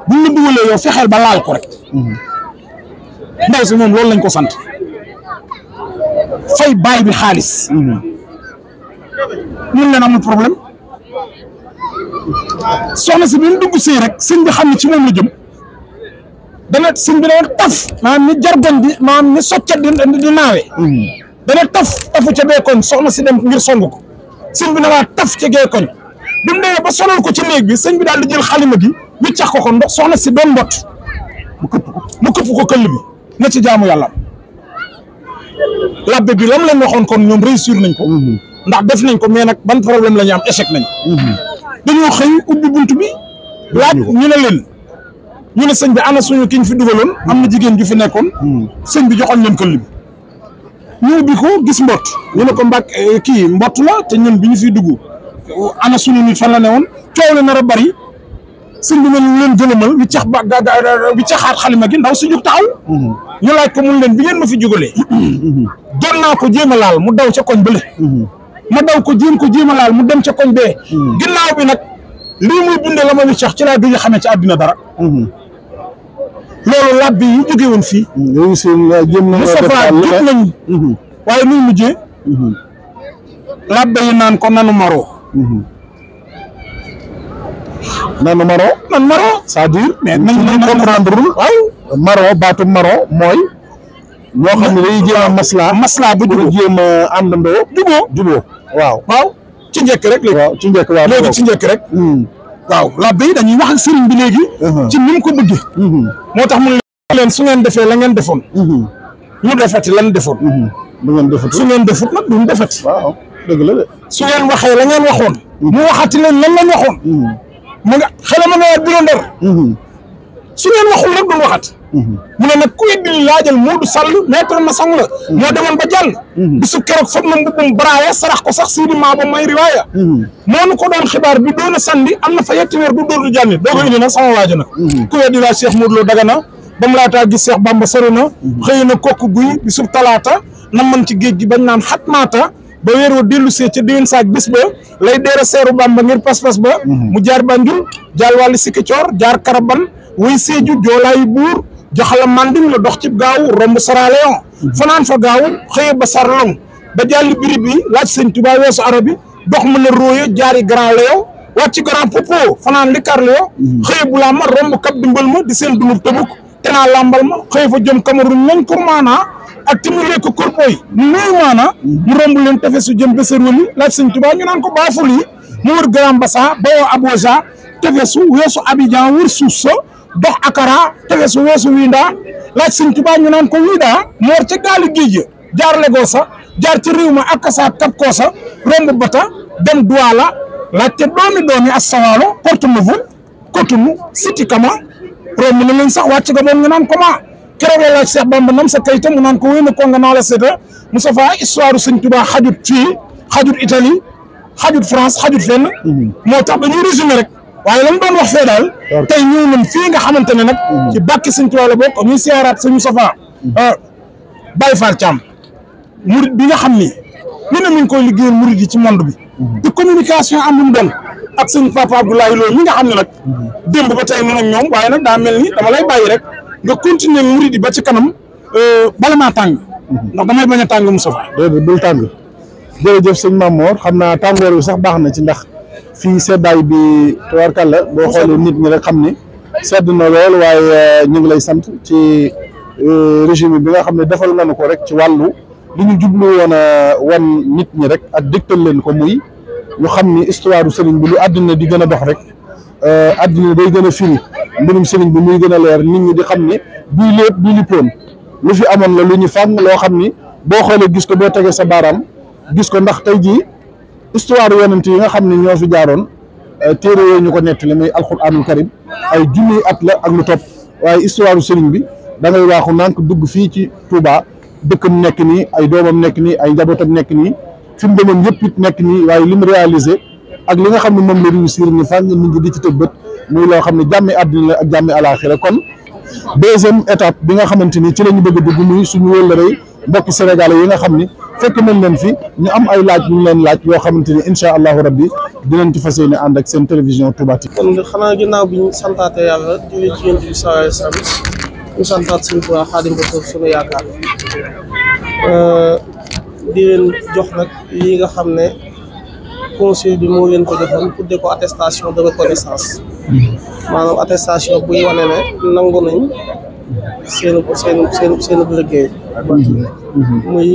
buñ la dugalee yow fexeel ba laal ko rek ndaw si moom loolu lañ ko sant fay baay bi xaalis ñun leen amul problème soxna si bi mu dugg sëy rek sëñ bi xam ne ci moom la jëm dana sëñ bi dana taf maanaam ni jargoñ bi maanaam ni soccet di di naawe dana taf tafu ca beekoñ soxna si dem ngir song ko sëñ bi dana taf ca geekoñ bi mu demee ba sonal ko ci néeg bi sëñ bi daal di jël xalima ko ko ndox soxna si doon mbott mu këpp ko mu këll bi na ci jaamu yàlla labbe bi lam leen waxoon kon ñoom réussir nañ ko ndax def nañ ko mais nag ban problème la ñu am échec nañ mhm. dañoo xëy ubbi bunt bi laaj ñu ne leen ñu ne sëñ bi ana suñu kiñ fi dugaloon am na jigéen ju fi nekkoon hmm. sëñ bi joxoon leen këll bi ñu ubbi ko gis mbott ñu ne ko mbàkk eh, kii mbott la te ñun bi ñu fiy dugg ana suñu nit fan la ne woon coow la nar a bari sëñ bi mel leen gëlëmal bi cax ba xalima gi ndaw si jóg taxaw hmm. ñu laaj ko mun leen bi ngeen ma fi jugalee hmm. doon naa ko jéem a laal mu daw ca koñ bële ma daw ko jéem ko jéem a laal mu dem ca koñ bee ginnaaw bi nag lii muy bundee la ma bi cax ci laa gëj a xamee ci àddina dara lolu lab bi yu jóge woon fii. Mm, ñu ngi la jëm nañu Moustapha mm-hmm. jot nañu. waaye nuy mujjee. Mm-hmm. lab yi naan ko nanu maro. Mm-hmm. nanu maro. nanu maro ça à dire mais nañ ko comprendre waaw. maro batu maro moy ño xamni lay day masla masla bu jubóo jéem a àndandoo. jubóo waaw. waaw ci ñek rek léegi. waaw ci ñek waaw léegi ci ñek rek. Mm. waaw labbe yi dañuy wax ak sëriñ bi léegi. Uh-huh. ci ni ko bëggee. Uh-huh. moo tax mun leen su ngeen defee la ngeen defoon. Uh-huh. ñu defati lan defoon. bu ngeen defati su ngeen defut nag duñ defati. waaw dëgg la de. su ngeen waxee la ngeen waxoon. mu waxati leen lan lañ waxoon. mu nga xale ma nga biiru ndar. su ngeen waxul rek duñ waxat mhm. mu ne nag kuy dil laajal Moodu Sall maître ma sang la moo mhm. demoon ba jàll mhm. bisu keroog foog na mbubbum baraaya sarax ko sax siidi maa ba may riwaaya moo nu ko doon xibaar bi doon a sandi am na fa yetti weer du dóor du jànni doo ko indi nag sama waajo ku weddi laa Cheikh Modou Lo Dagana ba laataa gis Cheikh Bamba na xëy na kokk guy bisub talaata nam man ci géej gi bañ naan xat maata ba dellu see ca déwén saak bis ba lay deer a seeru Bamba ngir pas ba mu jaar Banjul jaar wàlli Sikki Coor jaar Karaban way seju jolay buur jox mandim manding la dox ci gaaw romb leon fanan fa gaaw xey ba sarlong ba jall biri bi laj seigne touba weesu arabi dox mën a jaari grand leyo wàcc grand popo fanan li kar leyo xëye bu ma romb kap dimbal ma di seen dunub tebuk tena lambal ma xey fa jëm cameroun nañ ko mana ak timule ko boy nuy mana mu romb leen tefesu jëm beser woni laj seigne touba ñu nan ko baful yi mu grand bassa tefesu wessu abidjan wër suuf dox akara tefesu weesu wiindaa laaj sëñ Tuubaa ñu naan ko wiindaa moor ca gaali géej ya jaar Lagos jaar ci réew ma akasa Kapkosa romb bata dem Douala laajte doomi doomi asawalo Porto-Novo Cotonou Sitikama romb na leen sax wàcc ga moom ñu naan comment keroog la laaj Seex Bamba nam sa kayita mu naan ko wéy na ko nga naa la seeta Moustapha histoire sëñ Tuubaa xajut fii xajut Italie xajut France xajut fenn mhm. moo tax dañuy résumé rek waaye la mu doon wax fee daal tey ñëw nañ fii nga xamante ne hmm. ci bàkki suñ tuwaa la bokk muy siyaaraat suñu safaa hmm. euh, Baye Fall Thiam murid bi nga xam ni lu ne mi koy liggéeyal murid yi ci monde bi hmm. te communication am lu mu doon ak suñ papa Abdoulaye Lo mi nga xam ne nag démb ba tey man ak ñoom waaye nag daa mel dama lay bàyyi rek nga continuer murid yi ba ci kanam euh, bala maa tàng ndax damay bañ tang, tàng mu safaa déedéet bul tàng jërëjëf sëñ Mamor xam naa sax baax ci ndax fii seddaay bi tubaarkàlla boo xoolee nit ñi rek xam ni sedd na lool waaye euh, ñu ngi lay sant ci euh, régime bi nga xam ne defal nañu ko rek ci wàllu li ñu jublu woon wan nit ñi rek ak dégtal leen ko muy ñu xam ni histoire sëriñ bi lu àddina di gën a dox rek euh, àddina day gën a firi mbirum sëriñ bi muy gën a leer nit ñi di xam ni bii lépp bii lippoon lu fi amoon la lu ñu fànn loo xam ni boo xoolee gis ko boo tegee sa baaraam gis ko ndax tey jii histoire yonent yi nga xam ne ñoo fi jaaroon téere yooyu ñu ko nettali muy alxuraanul karim ay junni at la ak lu topp waaye histoire sëriñ bi dangay ngay waaxu nànk dugg fii ci Touba dëkkam nekk nii ay doomam nekk nii ay njabootam nekk nii fi mu demoon yëpp it nekk nii waaye li mu réalisé ak li nga xam ne moom la réussir ni fànn nit ñi di ci tëbbat muy loo xam ne jàmmi àddina la ak jàmmi alaaxira kon deuxième étape bi nga xamante ni ci la ñu bëgg a dugg muy suñu wëllëree mbokki sénégalais yi nga xam ni fekk nañ leen fi ñu am ay laaj ñu leen laaj yoo xamante ni incha allahu rabbi dinañ ci fas yéene ànd ak seen télévision Touba TV. kon xanaa ginnaaw bi ñu santaate yàlla julli ci yonent bi sallallahu alayhi wasallam ñu santaat suñu Tuubaa Xaadimu Rasuul suñu yaakaar di leen jox nag lii nga xam ne conseil bi moo leen ko joxoon tuddee ko attestation de reconnaissance maanaam attestation buy wane ne nangu nañ. seen seen seen seen liggéey mhm. muy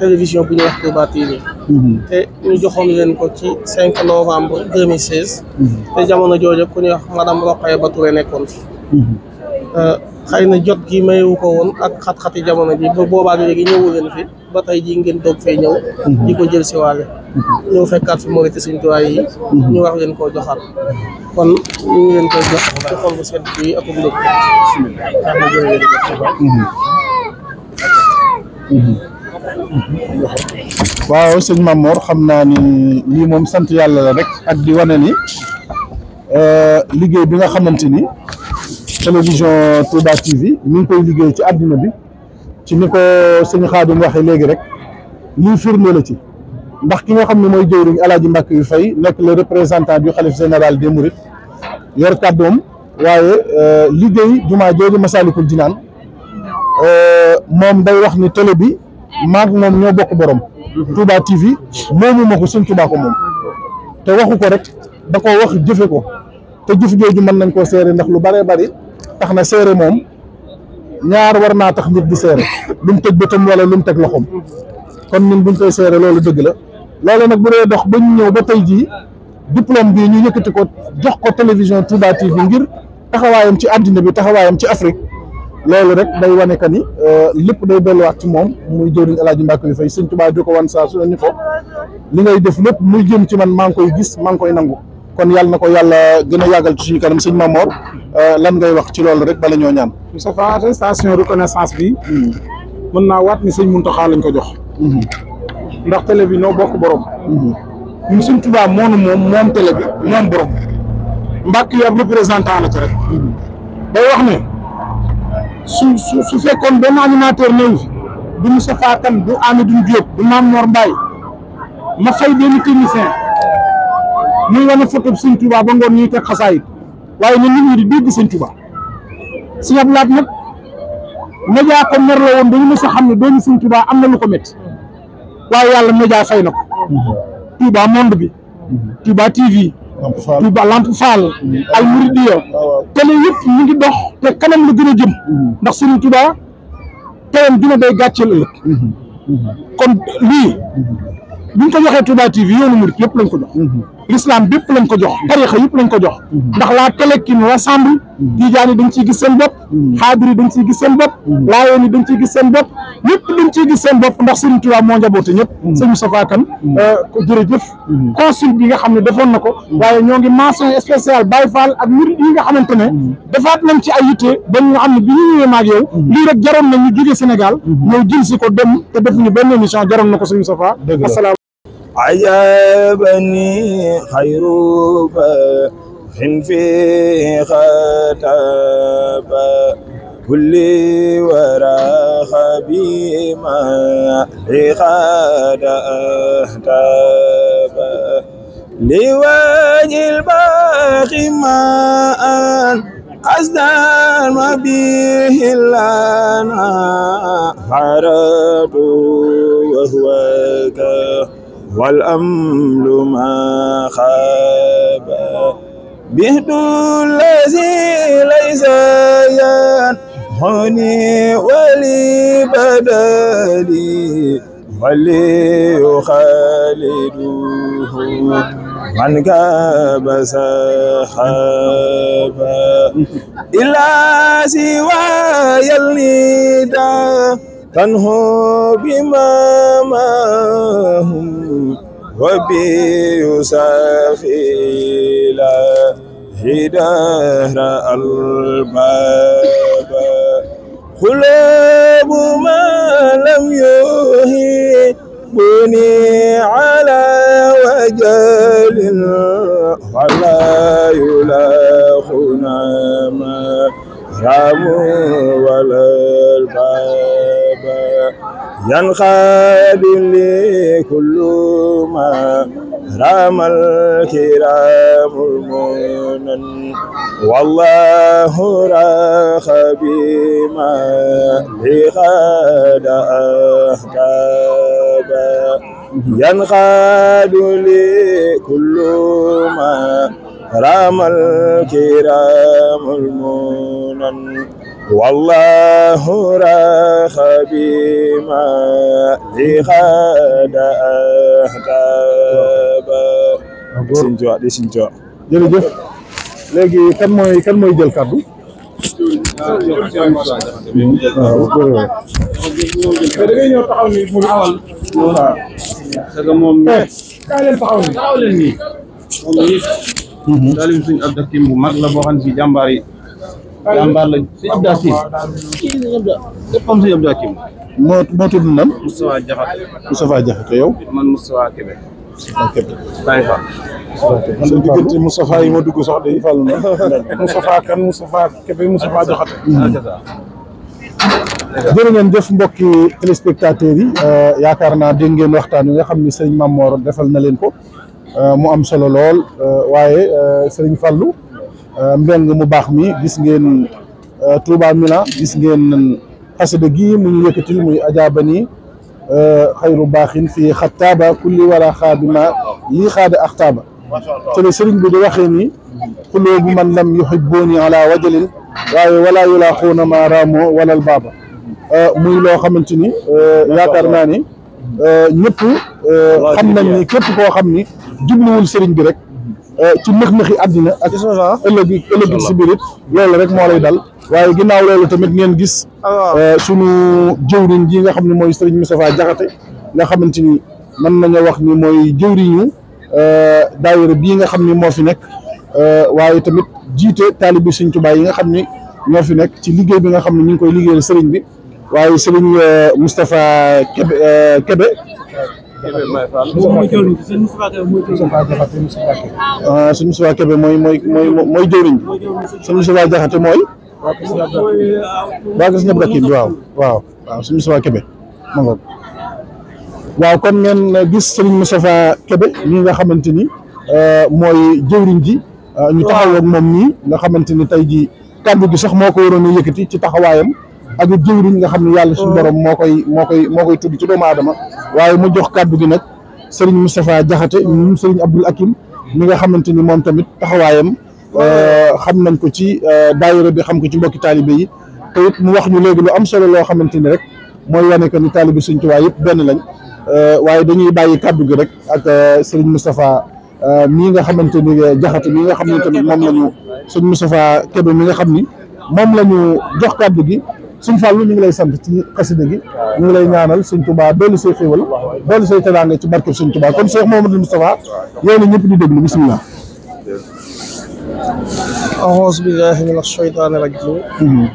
télévision bu ñuy wax Touba TV mhm. te ñu joxoon leen ko ci cinq novembre deux mille seize mhm. te jamono jooju ku ñuy wax madame Rokhaya Ba Touré nekkoon fi euh, xëy na jot gi mayewu ko woon ak xat-xati jamono ji ba boobaag léegi ñëwu fi ba tey jii ngeen doog fee ñëw mhm. di ko jël si waale mhm. ñëw fekkaat fi moriti suñ tuwaay yi mhm. ñu wax leen koo joxaat kon ñu ngi leen koy jox waaw sëñ Mamour xam naa ni lii moom sant yàlla la rek ak di wane ni euh, liggéey bi nga xamante ni télévision Touba TV ñu ngi koy liggéey ci àddina bi ci ni ko suñ Xaadim waxee léegi rek lii firnde la ci ndax ki nga xam ne mooy jëwriñ Alaaji Mbàkke yu fay nekk le représentant du xalif général des Mourides yor kàddoom waaye euh, liggéey jumaa jooju Masaalikul Jinaan euh, moom day wax ni télé bi maag moom ñoo bokk borom Touba TV moomu ma ko sëñ Touba ko moom te waxu ko rek da ko wax jëfe ko te jëf jooju mën nañ koo seere ndax lu bare bari tax na seere moom ñaar war naa tax nit di seere lu mu teg bëtam wala lu mu teg loxoom kon ñun buñ koy seere loolu dëgg la loolu nag bu dee dox bañ ñëw ba tey jii diplôme bii ñu yëkkati ko jox ko télévision Touba TV ngir taxawaayam ci àddina bi taxawaayam ci Afrique loolu rek day wane ka ni euh, lépp day delluwaat ci moom muy jëriñ El Hadj Mbacké Faye sëñ Touba di ko wan saa su ne ni ko li ngay def lépp muy jëm ci man maa ngi koy gis maa ngi koy nangu. kon yàlla na ko yàlla gën a yàggal ci suñu kanam sëñ Mamor euh, lan ngay wax ci loolu rek bala ñoo ñaan. Moustapha attestation reconnaissance bi. mën naa waat ni sëñ Mountakha lañ ko jox. Mhm. ndax télé bi noo bokk borom. Mhm. ñun suñ Tuubaa moonu moom moom télé bi moom borom. mbàkk yi am représentant la ci rek. Mhm. day wax ne su su su fekkoon benn animateur néew fi du Moustapha Kane du Amidou Diop du Mame Mor Mbaye ma fay benn technicien. muy wane foto sëñ Touba ba ngoon ñuy teg xasaayit waaye ñun nit ñi di dégg sëñ Touba sëñ Abdou Lahad nag média ko merloo woon dañu mës a xam ne doomu sëñ Touba am na lu ko métti waaye yàlla média fay na ko Touba monde bi Touba TV Touba Lamp Fall mm-hmm. Al Mouridiya ah, télé yëpp ñu ngi dox te kanam la gën a jëm mm-hmm. ndax sëñ Touba teyam dina day la ëllëg mm-hmm. kon lii buñ ko joxee Touba TV yoonu murit yëpp lañ ko jox l'islam bépp lañ ko jox tarixa yëpp lañ ko jox ndax laa télé qui nous rassemble tijaan yi dañ ciy gis seen bopp xaadir yi dañ ciy gis seen bopp laayeen yi dañ ciy gis seen bopp ñëpp dañ ciy gi seen bopp ndax Serigne Touba moo njaboote ñëpp sëñ Moustapha Kane mm. euh, jërëjëf consul bi nga xam ne defoon na ko waaye ñoo ngi mention spéciale Baye Fall ak murid yi nga xamante ne mm. defaat nañ ci ay yitte ba ñu xam ne bi ñu ñëwee maag yow mm. lii rek jaroon na ñu jóge Sénégal mm-hmm. ñëw jël si ko dem te def ñu benn émission jaroon na ko sëñ Moustapha عجبني خيروبا فتح في خطابا كل ورى خبيما لخاد أهتابا لوجه الباقي ماء أزدان ما به لنا حرب وهو كه والأمل ما خاب بهد الذي ليس ينحني ولي بدلي وليخالده من كاب سحابا إلا سوى يلي بما تنهوا ربي وبيسافي لا هدار الباب خلاب ما لم يهي بني على وجل ولا يلاخ ما رام ولا الباب ينقاد لي كل ما رام الكرام المنن والله راخ بما لقد أحجاب ينقاد لي كل ما رام الكرام المنن والله رخب ما لغدا أحباب سنجوا دي سنجوا جلي جف لقي كان ما كان ما يجيل كابو dalim taxaw ni mu awal wala sa gamom ni dalim taxaw ni dalim ni dalim suñu abdakim bu mag la jàmbaar lañ si Abdou Assis am si Abdou Akim moo moo tudd nan Moustapha Diakhaté yow man Moustapha Kébé Moustapha Kébé Baye Fall man de diggante Moustapha yi ma dugg sax day fàll na Moustapha kan Moustapha Kébé Moustapha mm-hmm. ah, yi euh, yaakaar naa dégg ngeen waxtaan wi nga xam ne sëriñ Mamor defal na leen ko euh, mu am solo lool euh, waaye sëriñ Fallou Euh, mbeng mu baax mi gis ngeen euh, Touba Milan gis ngeen xasida gi mu ñu yëkkatil muy ajaabani euh, xayru baaxin fii xattaaba kulli wala xaadima yii xaada axtaaba te la sëriñ bi di waxee ni xuloobu man lam yuhibbooni ala wajalin waaye wala yulaaxuuna ma raamoo walal baaba muy loo xamante ni yaakaar naa ni ñëpp xam nañ ni képp koo xam ni jubluwul sëriñ bi rek ci nëx-nëxi àddina ak ëllëg ëllëg si biir it loolu rek moo lay dal waaye ginnaaw loolu tamit ngeen gis sunu jëwriñ ji nga xam ne mooy Serigne Moustapha Diakhaté nga xamante ni mën nañoo wax ni mooy jëwriñu daayira bii nga xam ni moo fi nekk waaye tamit jiite taalibi Serigne Touba yi nga xam ni ñoo fi nekk ci liggéey bi nga xam ne ñu ngi koy liggéeyal Serigne bi waaye Serigne Moustapha Kébé Kébé suñu Moustapha ah, Kébé mooy mooy mooy mooy jëwriñ suñu Moustapha Jaxate mooy waa ko suñu Abdou Hakim waaw waaw waaw suñu Moustapha Kébé ma ngoog waaw kon ngeen gis Serigne Moustapha Kébé ñi nga xamante ni euh, mooy jëwriñ ji euh, ñu taxaw ak moom nii nga xamante ni tey ji kàddu gi sax moo ko waroon a ci taxawaayam ak jëwriñ nga xam ne yàlla suñu oh. borom moo koy moo koy moo koy tudd ci doomu aadama waaye mu jox kàddu gi nag sëriñ Moustapha jaxate ñun sëriñ Abdoul Hakim mi nga xamante ni moom tamit taxawaayam oh. euh, xam nañ ko ci euh, daayira bi xam ko ci mbokki taalibe yi te mu wax ñu léegi lu am solo loo xamante ni rek mooy wane que ni taalibe Sëriñ Tuubaa yëpp benn lañ euh, waaye dañuy bàyyi kàddu gi rek ak sëriñ Moustapha mii nga xamante ni Diakhaté mii nga xam ne tamit moom la ñu sëriñ Moustapha Kébé mi nga xam ni moom la ñu jox kàddu gi suñ fàllu ñu ngi lay sant ci xasida gi ñu ngi lay ñaanal suñ tubaa dolli say xéwal dolli say teraanga ci barkeb suñ tubaa kon Cheikh Mouhamadou Moustapha yéen a ñëpp di déglu bisimilah aouzu billahi min ashaytaani rajim mm-hmm.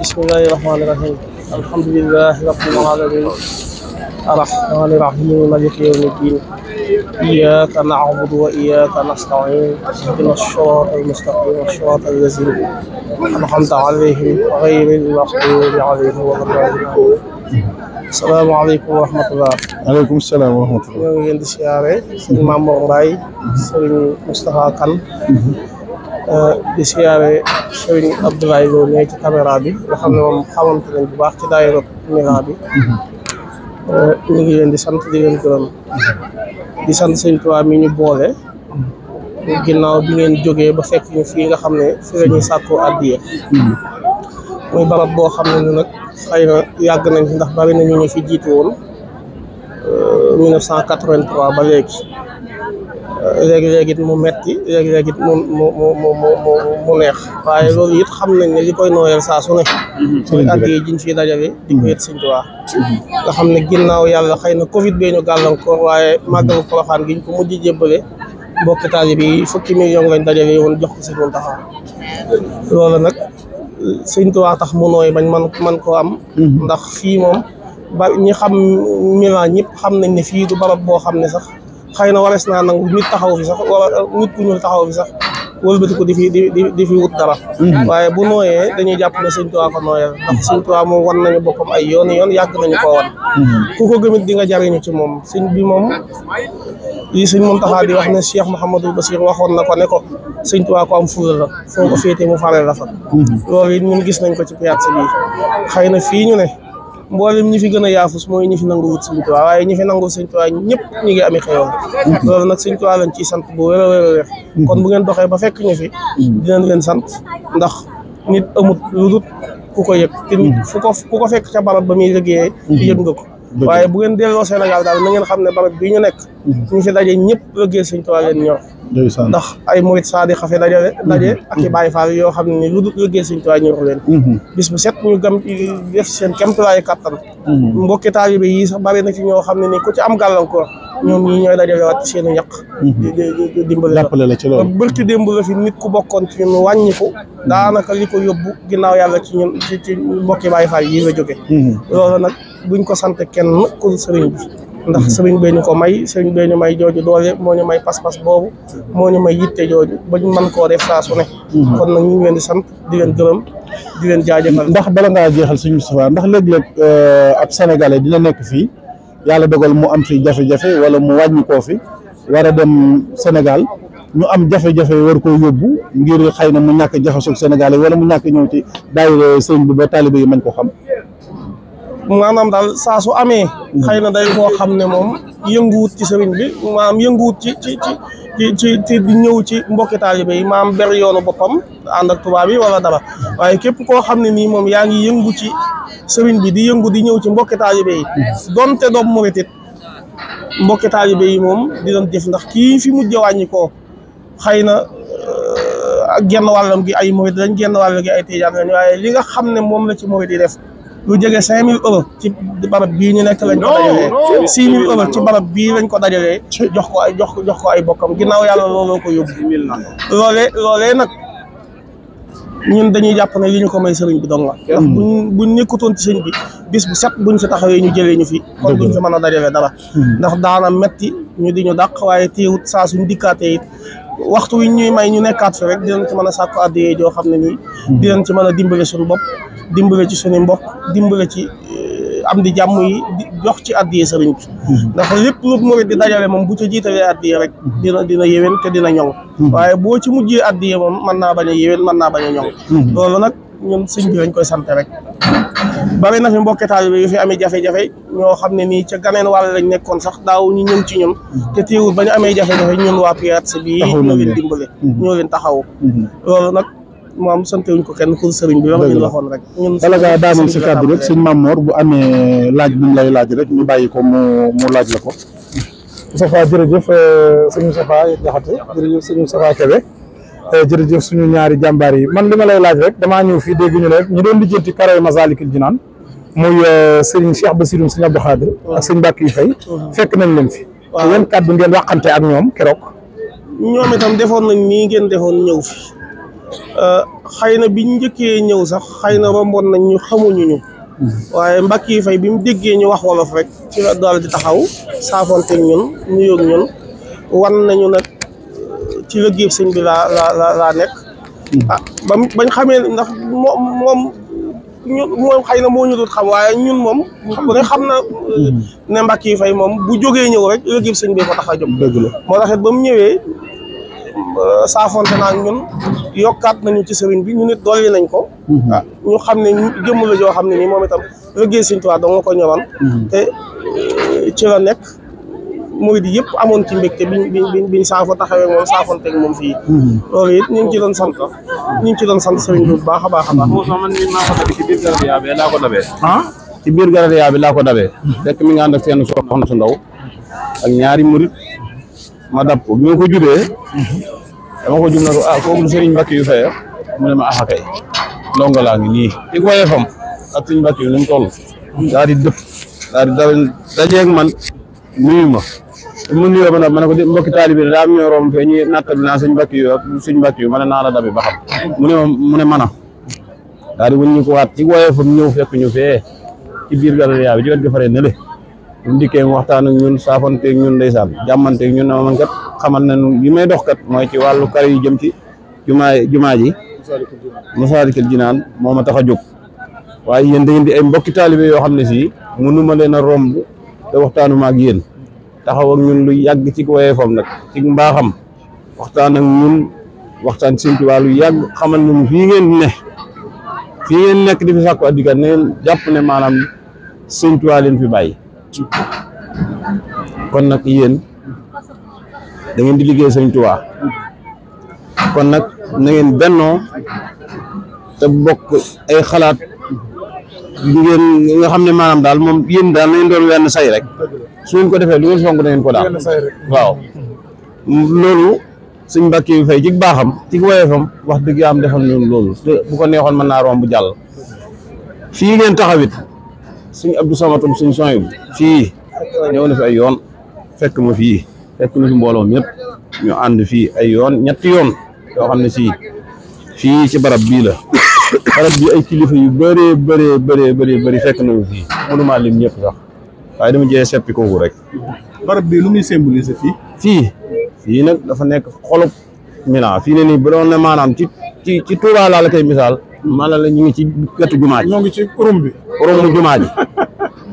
bismillahi rahmaani rahim alhamdulilahi rabbil alamin الرحمن الرحيم مالك يوم الدين إياك نعبد وإياك نستعين اهدنا الصراط المستقيم الصراط الذين أنعمت عليهم غير المغضوب عليهم ولا الضالين السلام عليكم ورحمة الله عليكم السلام ورحمة الله ñoo ngi leen di siyaare sëñ Mamour Mbaye sëñ Moustapha Kane di siyaare sëñ Abdoulaye Lo ne ci caméra bi nga xam ne moom xamante nañ bu baax ci daayira caméra bi Euh, ñu ngi leen di sant di leen gërëm di sant sëñ Tuubaa mi ñu boole ginnaaw bi ngeen jógee ba fekk ñu fii nga xam ne fi la ñuy sàkkoo addiya muy barab boo xam ne nag xëy na yàgg nañ ndax bari nañu ñu fi jiitu woon 1983 euh, ba léegi léegi mu metti léegi-léegi it mu mu mu mu neex waaye loolu it xam nañ ne li koy nooyal saa su ne mooy mhm. addi yi jiñ fii dajale di ko yët Sëñ Tuubaa mhm. nga xam ne ginnaaw yàlla xëy na Covid bee ñu gàllankoor waaye màggalu Poroxaan giñ ko mujj jébbale mbokki taalibe yi fukki million lañ dajale woon jox ko Sëñ Muntaxa loolu nag Sëñ Tuubaa tax mu nooy bañ man man koo am mhm. ndax fii moom ba ñi xam Milan ñëpp xam nañ ne fii du barab boo xam ne sax xëy na warees naa nangu nit taxaw fi sax wala euh, nit ku taxaw fi sax wëlbati ko di fi di di fi wut dara mhm. waaye bu nooyee dañuy jàpp ne sëñ Tuubaa ko nooyal ndax sëñ Tuubaa moom wan nañu boppam ay yoon yoon yàgg nañu koo wan mhm. ku ko gëmit di nga jariñu ci moom sëñ bi moom lii sëñ Muntaxa di wax na ne Cheikh Mouhamadou Bassir waxoon na ko ne ko sëñ Tuubaa ko am fulla la foo ko féete mu fale la mhm. loolu it ñun gis nañ ko ci piyaat bi xëy na fii ñu ne mbooleem ñi fi gën a yaafus mooy ñi fi nangu wut sëñ Tuubaa waaye ñi nangu sëñ Tuubaa ñëpp ñi ngi amee xéewal loolu nag sëñ Tuubaa lañ ciy sant boo wér a wér kon bu ngeen doxee ba fekk ñu fi dinañ leen sant ndax nit amut lu dut ku ko yëg te fu ko ku ko fekk ca barab ba muy liggéeyee yëg nga ko waaye bu ngeen delloo Sénégal daal na ngeen xam ne barab bi ñu nekk ñu fi daje ñëpp liggéey sëñ Tuubaa leen ñor ndax ay murit saadi xafe daje daje mhm. ak i bàyyi faal yoo xam ne lu dul liggéey Sëñ Tuubaa ñor leen mhm. bis bu set ñu gam def seen kéemtulaay kattan mhm. mbokki taal yi sax bari na ci ñoo xam ne ni ku ci am gàllankoor ñoom ñi ñooy daje waat seen yàq mhm. di dimbali jàppale la ci loolu bërki démb la fi nit ku bokkoon ci ñun wàññiku mhm. daanaka li ko yóbbu ginnaaw yàlla ci ñun ci ci mbokki Baay Faal yi la jóge mhm. loolu nag buñ ko sant kenn ku sëriñ bi ndax sëriñ bee ko may sëriñ bee ñu may jooju doole moo ñu may pas-pas boobu moo ñu may yitte jooju ba man koo def saa su ne kon nag ñu ngi leen di sant di leen gërëm di leen jaajëfal ndax bala ngaa jeexal suñu Moustapha ndax léeg-léeg euh, ab sénégalais dina nekk fii yàlla dogal mu am fi jafe-jafe wala mu wàññi koo fi war a dem Sénégal ñu am jafe-jafe war koo yóbbu ngir xëy na mu ñàkk jaxasoog Sénégal yi wala mu ñàkk ñëw ci daayira sëriñ bi ba taalibe yi mañ koo xam maanaam daal saa su amee xëy na day koo xam ne moom yënguwut ci sëriñ bi maanaam yënguwut ci ci ci ci ci di ñëw ci mbokki taalibe yi maam ber yoonu boppam ànd ak tubaab yi wala dara waaye képp koo xam ne nii moom yaa ngi yëngu ci sëriñ bi di yëngu di ñëw ci mbokki taalibe yi donte doom murit it mbokki taalibe yi moom di doon jëf ndax kii fi mujj wàññi koo xëy na euh, genn wàllam gi ay murit lañ genn wàll gi ay tijaan lañ waaye li nga xam ne moom la ci murit yi def lu jege cinq mille euros ci barab bii ñu nekk lañ ko dajalee six mille euros ci barab bii lañ ko dajalee jox ko ay jox jox ko ay bokkam ginnaaw yàlla looloo ko yóbbu loole loolee nag ñun dañuy jàpp ne li ñu ko may sëriñ bi dong bu ñu hmm. buñ buñ nekkutoon ci sëriñ bi bis bu set buñ si taxawee ñu jëlee ñu fi kon buñ fi mën a dajalee dara hmm. ndax daana metti ñu di ñu dàq waaye téewut saa suñ dikkaatee it waxtu wi ñuy may ñu nekkaat fi rek dinañ ci mën a sàkku addiyee joo xam ne nii hmm. dinañ ci mën a dimbale suñu bopp dimbale ci suñu mbokk dimbale ci eh, am di jàmm yi jox ci addiyee sëriñ bi hmm. ndax lépp lu murit di dajale moom bu ca jiitalee addiyee rek hmm. dina dina yéwén te dina ñoŋ waaye boo ci mujjee addiyee moom mën naa bañ a yéwén mën naa bañ a ñoŋ loolu nag ñun sëñ bi koy sant rek bari na fi mbokki taalibe yu fi amee jafe-jafe ñoo xam ne nii ca ganeen wàll lañ nekkoon sax daaw ñu ñëw ci ñun mm-hmm. te téewul ba ñu amee jafe-jafe ñun waa Pirates bii ñoo leen dimbale mm-hmm. ñoo leen taxaw mm-hmm. loolu nag moom sante wuñ ko kenn pour sëriñ bi wax rek ñun bala ngaa daaneel si kàddu rek sëñ Mamor bu amee laaj bu laaj rek ñu bàyyi ko mu mu laaj la ko Moustapha jërëjëf euh, sëñ Moustapha Jaxate jërëjëf sëñ Moustapha Kébé Eh, jërëjëf suñu ñaari jàmbaar yi man li ma laaj rek damaa ñëw fii dégg ñu rek ñu doon lijjanti karoy Masalikul Jinaan muy eh, sëriñ Cheikh Bassirou sëriñ Abdou Khadre ak sëriñ Mbackiou Faye fekk nañ leen fi yéen kàddu ngeen waxante ak ñoom keroog ñoom itam defoon nañ nii ngeen defoon ñëw eh, xëy na biñ njëkkee ñëw sax xëy na romboon nañ ñu xamuñu waaye Mbackiou Faye bi mu déggee ñu wax wolof rek ci la daal di taxaw saafonteeg ñun nuyoog ñun wan nañu nag ci liggéey sëñ bi laa la la nekk hmm. ah bam bañ xamee ndax moom moom ñu xëy na moo ñu dut xam waaye ñun moom ku ne xam na hmm. ne Mbackiou Faye moom bu jógee ñëw rek liggéey sëñ bi ko tax a jóg dëgg la moo tax ba mu ñëwee euh, saafonte naa ñun yokkaat nañu ci sëriñ bi ñu nit dolli nañ ko hmm. ah, ñu xam ne jëmm la joo xam ne nii moom itam liggéey sëñ Tuubaa dong nga ko ñoroon te euh, ci la nekk murid yëpp amon ci mbégte biñ biñ biñ saafo taxawee moom saafonteeg moom fii mhm. loolu it ñu ngi ci doon sant ñu ci doon sant sëriñ bu baaxa baaxa baax mo sama ni ma ko dabe ci bir garab bi la ko dabé han ah? ci bir garab bi la ko dabé dék mi nga and ak seen soxna su ndaw ak ñaari mourid ma dab ko ñoko ma dama ko jub ko ah kooku du sëriñ mbakki yu fay mu ne ma axa ah, kay ndongo la ngi ni ci ko yefam ak sëriñ mbakki yu ñu toll daa di dëpp daal di ak man nuyu bu mu nuyoo ba nag ma ne mbokki taalibe bi am ñoo romb fee ñuy nattab naa suñ mbàkk yu ak suñ yu ma ne la dabi ba xam mu ne mu ne man daal di wëññi ko waat ci woyofam ñëw fekk ñu fee ci biir galeria bi ci wet gi faree nële bu mu dikkee mu waxtaan ak ñun saafanteeg ñun ndeysaan jàmmanteeg ñun na man kat xamal nañu li may dox kat mooy ci wàllu kare yu jëm ci jumaa jumaa ji Masaalikul Jinaan moo ma tax a jóg waaye yéen da ngeen di ay mbokki taalibe yoo xam si mënuma leen a romb te waxtaanuma ak yéen taxaw ñun lu yàgg ci woyeefam nag ci mbaaxam waxtaan ak ñun waxtaan Sëñ Tuubaa lu yàgg xamal ñun fii ngeen ne fii ngeen nekk di fi sàkku addika na ngeen jàpp ne maanaam Sëñ Tuubaa leen fi bàyyi kon nag yéen da ngeen di liggéey Sëñ Tuubaa kon nag na ngeen bennoo te bokk ay xalaat ngeen nga xam ne maanaam daal moom yéen daal na ngeen doon wenn say rek su ngeen ko defee lu ngeen fonk da ngeen ko daal waaw loolu suñ mbàkk yi fay ci baaxam ci woyefam wax dëgg yaa am defal ñun loolu te bu ko neexoon mën naa romb jàll fii ngeen taxawit suñ Abdou Samatum suñ soñu fii ñëw na fi ay yoon fekk ma fii fekk na fi mbooloom yëpp ñu ànd fii ay yoon ñetti yoon yoo xam ne sii fii ci barab bii la barab bi ay kilifa yu bëre bëree bëree bëri bëri fekk fi fii mënumaa lim ñëpp sax waaye dama jëlee seppi kooku rek. barab bi lu muy symbolise fii. fii fii nag dafa nekk xolub Mina fii ne nii bu doon ne maanaam ci ci ci Touba laa la koy misaal maanaam la ñu ngi ci wetu jumaa ji. ñoo ngi ci urum bi. urumu jumaa ji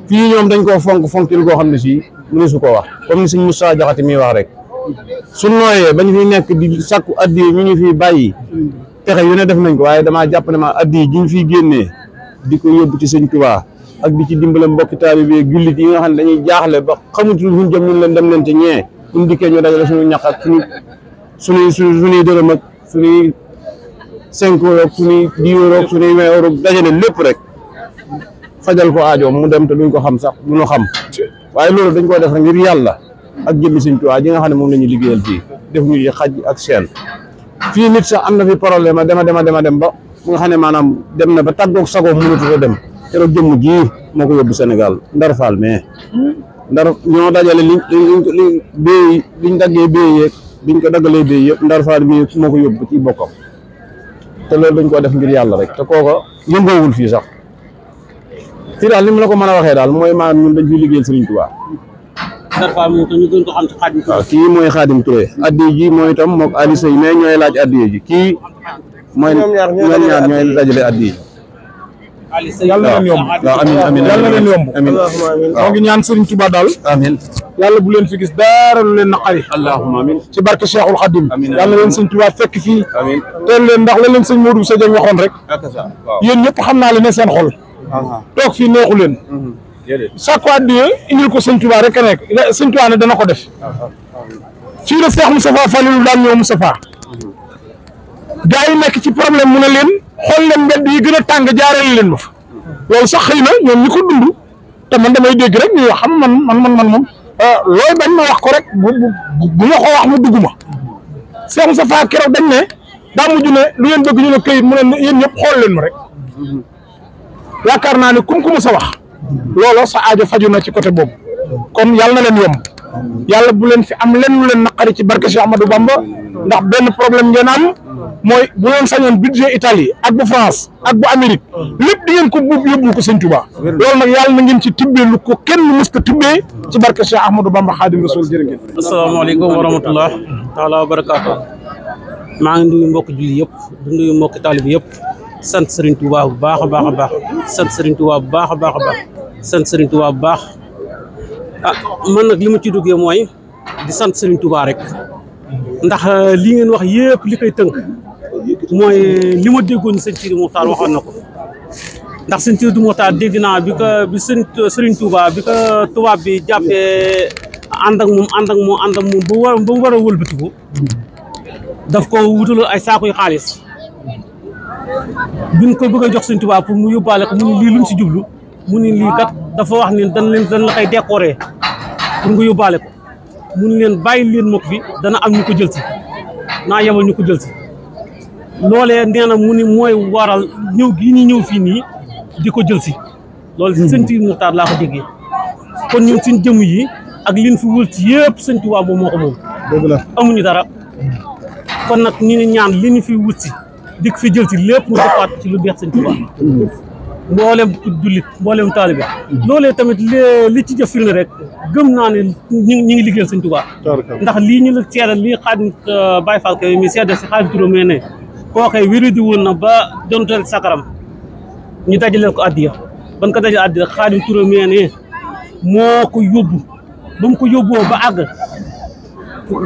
fii ñoom dañ koo fonk fonkil koo xam ne si sii mënu su ko wax comme ni mu Moussa Diakhaté mi wax rek su nooyee bañ fi nekk di sakku addi ñu ñu fi bàyyi. pexe yu ne def nañ ko waaye damaa jàpp ne ma addi ji ñu fiy di ko yóbbu ci sëñ Tuubaa ak di ci dimbale mbokki taalibe yi jullit nga xam ne dañuy jaaxle ba xamutul ñu jëm ñun leen dem leen ci ñee buñ dikkee ñu dajale suñu ñaq ak suñu suñuy suñuy dërëm ak suñuy cinq euro ak suñuy dix euro ak suñuy vingt dajale lépp rek fajal ko aajoom mu dem te duñ ko xam sax duñu xam waaye loolu dañ ko def rek ngir yàlla ak jëmmi sëñ Tuubaa ji nga xam ne moom la ñuy liggéeyal fii def ñu ci xaj ak seen fii nit sax am na fi problème a dema dema dema dem ba mu nga xam ne maanaam dem na ba tàggoog sagoom mënatu dem keroog jëmm ji moo ko yóbbu senegal ndar faal mais ndar ñoo dajale liñ béy liñ daggee béy yeeg biñ ko daggalee béy yëpp ndar faal mi moo ko yóbbu ci bokkam te loolu dañ ko def ngir yàlla rek te kooka yëngoowul fii sax fii daal li mu la ko mën a waxee daal mooy maa ñun dañ fiy liggéeyal Serigne Touba waaw kii mooy xaadim Touré addiya ji mooy itam mook Ali Sey mais ñooy laaj addiya ji kii mooy ñoom ñaar ñooy dajale addiya ji yàlla na leen yomb waaw amiin amiin yàlla na leen yomb amiin moo ngi ñaan Serigne Touba daal amiin yàlla bu leen fi gis dara lu leen naqari allahumma amiin ci barke Cheikhul Khadim yàlla na leen Serigne Touba fekk fii amiin teel leen ndax la leen Serigne Modou Sa Dieng waxoon rek yéen ñëpp xam naa le ne seen xol toog fii neexu leen mhm. sàkku addiya indil ko sëñ Tuubaa rek a nekk sëñ dana ko def fii la Seex Moustapha Falilu daan ñëw Moustapha gaa yi nekk ci problème mu ne leen xool leen mbedd yi gën a tàng jaarale leen ma sax xëy na ñoom ñi ko dund te man damay dégg rek xam man man man man moom euh, looy bañ ma wax ko rek bu bu ma ko wax mu dugg ma Seex Moustapha keroog dañ ne daa mujj ne lu ngeen bëgg ñu ne këyit mu ne yéen ñëpp xool leen ma rek yaakaar naa ne kum ku ma sa wax lolo sa aajo faju na ci côté bob kon yalla na len yom yalla bu len fi am len lu len nakari ci barke Cheikh Amadou Bamba ndax ben problème ngeen am moy bu len sañoon budget Italie ak bu France ak bu amerique lepp di ngeen ko buub yóbbul ko seigne touba lolo nak yalla na ngeen ci tibbe lu ko kenn musta tibbe ci barke Cheikh amadou Bamba khadim rasoul jere ngeen alaykum wa rahmatullah taala wa barakatuh ma ngi nuyu mbokk julli yep nuyu mbokk talib yep sant Serigne Touba bu baax a baax a baax sant Serigne Touba bu baax a baax a baax sant Serigne Touba bu baax ah man nag li ma ci duggee mooy di sant Serigne Touba rek ndax euh, li ngeen wax yëpp li koy tënk mooy li ma déggoon sëñ Sidi Mokhtar waxoon na ko ndax sëñ Sidi Mokhtar dégg naa bi ko bi sëñ Serigne bi ko tubaab bi jàppee ànd ak moom ànd ak moom ànd ak moom ba war a wëlbatiku daf ko wutaloon ay saakuy xaalis. biñ ko bëgg a jox Sëñ Tuubaa pour mu yóbbaale ko mu ne lii luñ si jublu mu nii lii kat dafa wax ne dañ leen dañ la koy décorer pour nga yóbbaale ko mu ne leen bàyyi leen ma ko fi dana am ñu ko jël si naa yemal ñu ko jël loole loolee mu ne mooy waral ñëw gii ñu ñëw fii nii di ko jël si loolu si sëñ Sidi Muxtaar laa ko kon ñun suñ jëmm yi ak liñ fi wël ci yëpp Sëñ Tuubaa moom moo ko moom amuñu dara kon nag ñu ne ñaan li fi wut si dikk fi jël si lépp mu defaat ci lu neex sëñ Tuubaa mboolem jullit mboolem taalibe loolee tamit li ci jëf firnde rek gëm naa ne ñu ñu ngi liggéeyal sëñ Tuubaa ndax lii ñu la seedal lii xaadim euh, Baay Faal ko mi seedal si xaadim Turó mee ne kookee wéridi woon na ba dontal sakaram ñu dajaleel ko addiya ban ko dajale addiya xaadim Turó mee ne moo ko yóbbu ba ko yóbboo ba àgg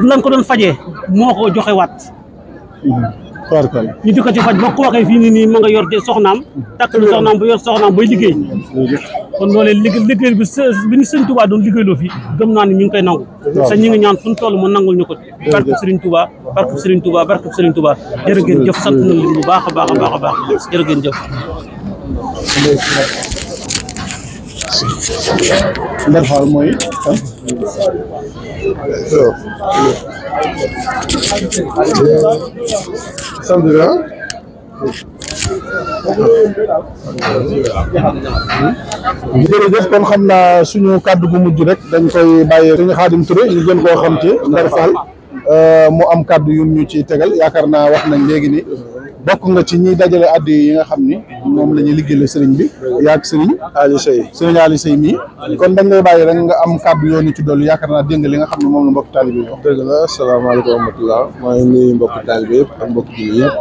lan ko doon faje moo ko joxe waat mm-hmm. tubaarkalla ñu di ko ci faj ba ku waxee fii nii nga yor de soxnaam takk na soxnaam bu yor soxnaam bay liggéey kon loolee liggéey liggéey bi bi ñu sëñ Touba doon liggéeyloo fi gëm naa ni ñu ngi koy nangu sa ñu ngi ñaan fu ñu toll mu nangul ñu ko barke Serigne Touba barke Serigne Touba barke Serigne Touba jërë ngeen jëf sant nañ leen bu baax a baax a baax a baax jërë ngeen jëf ndar xaal mooy ah. sant naa. Hmm? jërëjëf kon xam naa suñu kàddu bu mujj rek dañ koy bàyyee suñu Xaadim Touré ñu gën koo xam ci ndar euh, mu am kàddu yu ñu ci tegal yaakaar naa wax nañ léegi ni bokku nga ci ñi dajalé addu yi nga xamni mom lañu la sëriñ bi yaak sëriñ Ali Sey sëriñ Ali Sey mi kon dañ lay bayyi rek nga am kaddu yoonu ci dolli yaakaar na dégg li nga xamni mom la mbokk taalibe yi dëgg la alaykum wa rahmatullah ma ngi nuyu mbokk taalibe yëpp ak mbokk jini yëpp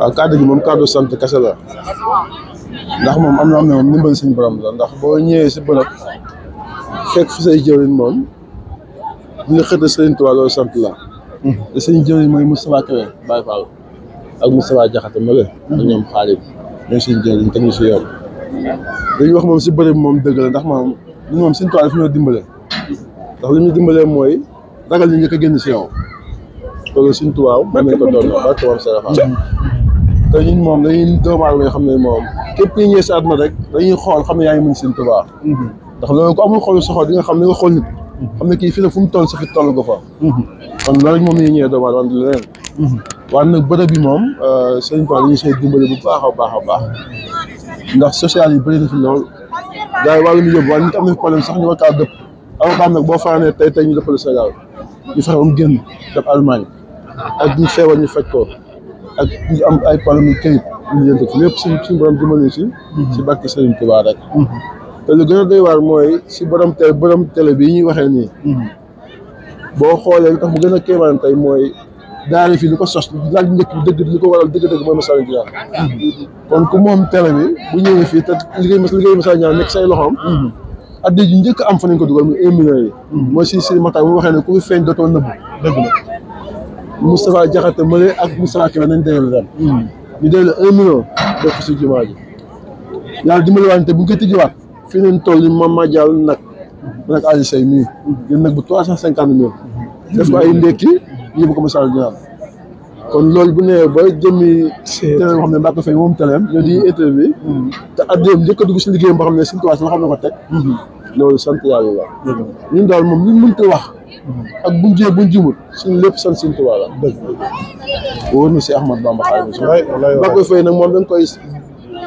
waaw kaddu gi mom kaddu sante kassa la ndax mom amna amna mom nimbal sëriñ borom la ndax bo ñëwé ci bërëb fekk fu say jëwriñ mom ñu nga sëriñ tuwa lo sante la hmm. te sëriñ jëwrin mooy Moustapha Kébé Baye Fall ak Moustapha Diakhaté ma ak ñoom xaalis ñooy si jëriñ teg ñu si yoon li wax moom si bëri bi moom dëgg la ndax moom moom suñu toile fi dimbale ndax li ñu dimbalee mooy ragal ñu njëkk a si yow loolu suñu tuwaaw moom lañ ko doon wax tubaab sa rafa te ñun moom dañuy doomu aadama yoo xam ne moom képp ki ñëwee si àdduna rek dañuy xool xam ne yaa ngi mën suñu tubaab ndax loolu ko amul xool sa xol di nga xam ne nga xool xam ne kii fi la fu mu toll sa fi toll nga fa mhm. kon loolu moom la ñuy ñëwee doomu aadama di waaye nag bërëb yi moom euh, sëñ Tuubaa dañu see dimbali bu baax a baax a baax ndax social yi bëri na fi lool gars yi wàllu ñu yóbbu waaye nit am na fi problème sax ñu war kaa dëpp avocat nag boo fanaanee tey tey ñu dëppale Sénégal ñu fexe ba mu génn ak ñu ñu faj ko ak ñu am ay problème yu këyit ñu jënd fi lépp si suñu borom dimbali si si barke Sëriñ Tuubaa rek te lu gën a waar mooy si borom télé borom télé bi ñuy waxee nii mm-hmm. boo xoolee li tax mu gën a tey mooy daara fii li ko sos laaj li ko waral dëgg-dëgg mooy Massalikul Jinaan moom télé bi bu ñëwee fii te liggéey liggéey Massalikul nekk say loxoom addi ji njëkk am fa nañ ko dugal muy un million yi mooy si si mata mu waxee ne ku fi feeñ dootoo nëbb dëgg la Moustapha Diakhaté ak Moustapha Kébé nañ déglu daal ñu déglu un million def si jumaa ji di ma waante bu ñu koy tijjiwaat fii nañ toll ni ma ma jàll nag man ak Aliou Seye mii jël nag bu trois cent cinquante mille def ay ndekki yóbbu ko Massalikul Jinaan kon loolu bu nee ba jëmmi teleen xam ne mbaa moom teleem ñoo di mm-hmm. interview mm-hmm. te njëkk a si liggéeyam boo xam ne suñu tubaab si loo xam ne ko teg mm-hmm. loolu sant yàlla la ñun daal moom luñ mënta wax ak bu jiyee buñ jimut suñu lépp sant suñu tubaab la dëgg wóor na si Ahmad Bamba xaali s mbaa moom dañ koy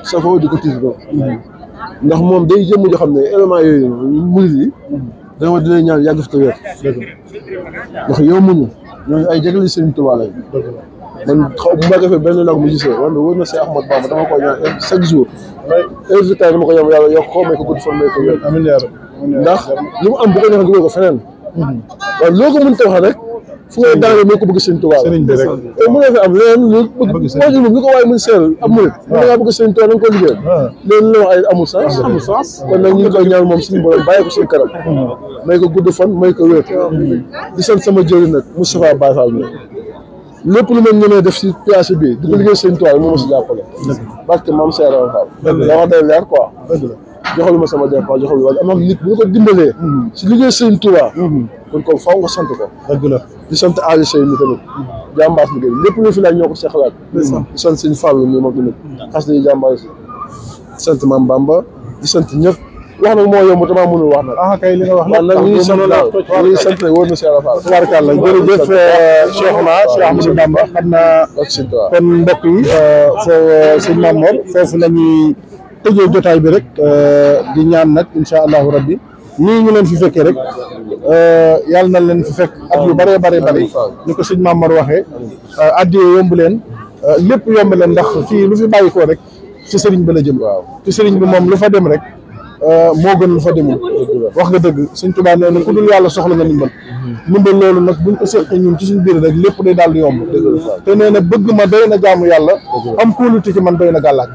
safoo di ko tiis ko ndax moom day jëmm joo xam ne élément yooyu murid yi dama dinañ ñaan yàgg fi ko wér ndax yow muñu ñooñu ay jégli Serigne Touba lañ man xaw bu ma defee benn nag mu gisee wala wër na si Ahmad Bamba dama koy ñaan chaque jour heure bi tey dama ko ñaan yàlla yokk ko may ko gudd fan may ko ndax lu mu am bu ko ko feneen mhm. waaw loo ko mën wax rek fu ngay daane moo ko bëgg sëñ Tuubaa sëriñ bi rek mën na fi am leneen lu bëgg moom lu ko waaye mën seeral am mu da ngaa bëgg sëñ Tuubaa da nga ko liggéeyal loolu la wax ay amul sens amul sens kon nag ñu ngi koy ñaan moom suñu borom bàyyi ko suñu kanam may ko gudd fan may ko wér di sant sama jëriñ nag Moustapha Baye Fall mi lépp lu mën ñemee def si place bi di ko liggéey sëñ Tuubaa moom a si jàppale barke maam seeral Fall daa wax day leer quoi joxal ma sama dépense joxal ma am nit bu ñu ko dimbalee. si liggéey Sëriñ Tuubaa. kon kon faaw nga sant ko. dëgg la di sant Aliou Seye mi tamit. jàmbaas liggéey lépp lu fi laaj ñoo ko seqalaat. di sant Sëriñ Fallu mi ma gën a. xas nañu jàmbaas si. di sant Maam Bamba di sant ñëpp. wax nag moo yomb damaa mënul wax nag. ah kay li nga wax nag ñu ngi sant daal ñu ngi sant wóor na si àll faal. tubaarkàlla jërëjëf euh, Cheikh Ma Cheikh Ahmadou Bamba xam naa kon mbokk yi euh, foofu euh, sëñ Mamour foofu la ñuy tëjee jotaay bi rek euh, di ñaan nag incha allahu rabbi nii ñu leen fi fekkee rek euh, yàlla na leen fi fekk at yu bëree bare bëri ni ko sëñ Mamar waxee euh, addiyee yomb leen lépp yomb leen ndax fii lu fi bàyyi rek ci sëriñ bi la jëm ci sëriñ bi moom lu fa dem rek moo gën lu fa demul wax nga dëgg suñ Tuubaa nee na ku dul yàlla soxla nga ndimbal ndimbal loolu nag buñ ko seqee ñun ci suñ biir rek lépp day daal di yomb te nee bëgg ma doy na jaamu yàlla am kóolute ci man doy na gàllaaj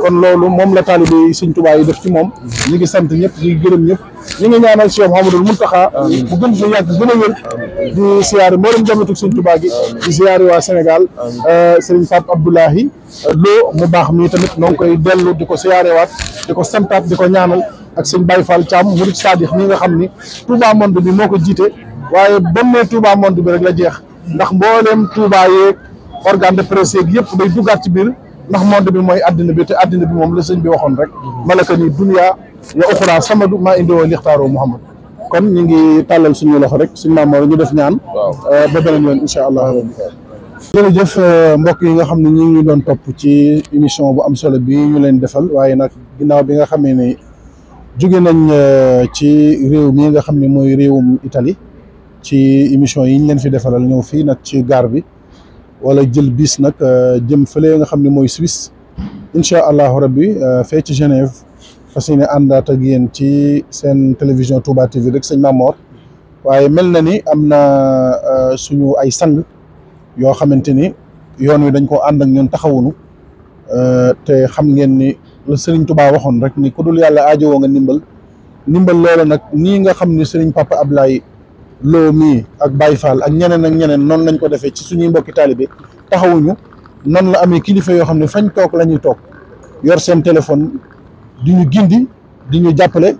kon loolu moom la taalibe yi Sëñ Tuubaa yi def ci moom ñi ngi sant ñëpp ñi ngi gërëm ñëpp ñi ngi ñaanal Cheikh Mouhamadoul Mountakha bu gën fi yàgg gën a wér di siyaare mboolem njabootu Sëñ Tuubaa gi di siyaare waa Sénégal euh, Serigne Pape Abdoulahi Lo mu baax mii tamit noo ngi koy dellu di ko siyaare waat di ko santaat di ko ñaanal ak Sëñ Baye Fall Thiam Murid Sadikh ñi nga xam ni Touba monde bi moo ko jiite waaye bam nee Touba bi rek la jeex ndax mbooleem Touba yeeg organe de presse yëpp day duggaat ci biir ndax monde bi moy adina bi te adina bi mom la seigne bi waxoon rek malaka ni dunya ya ukhra samadu ma indi woo lixtaaroo muhammad kon ñi ngi talal suñu loxo rek suñu mamor ñu def ñaan ba beneen yoon inshallah allah rabbi jërëjëf mbokk yi nga xamni ñi ngi doon top ci émission bu am solo bi ñu leen defal waye nak ginaaw bi nga xamé ni jugé nañ ci réew mi nga xamni moy réewum italy ci émission yi ñu leen fi defalal ñëw fi nak ci gar bi wala jël bis nag euh, jëm fële nga xam ne mooy Suisse incha allahu rabbi euh, fee ci Genève fas yéene àndaat ak ci seen télévision Touba TV rek sëñ Mamor waaye mel na ni am na euh, suñu ay sang yoo xamante ni yoon wi dañ koo ànd ak ñoom taxawunu te xam ngeen ni la sëriñ waxoon rek ni ku dul yàlla aajowoo nga ndimbal ndimbal loola nag nii nga xam ni sëriñ Papa Ablaye loo mii ak Baye Fall ak ñeneen ak ñeneen noonu lañ ko defee ci suñuy mbokki taalibe taxawuñu noonu la amee kilifa yoo xam ne fañ toog la ñuy toog yor seen téléphone di ñu gindi di ñu jàppale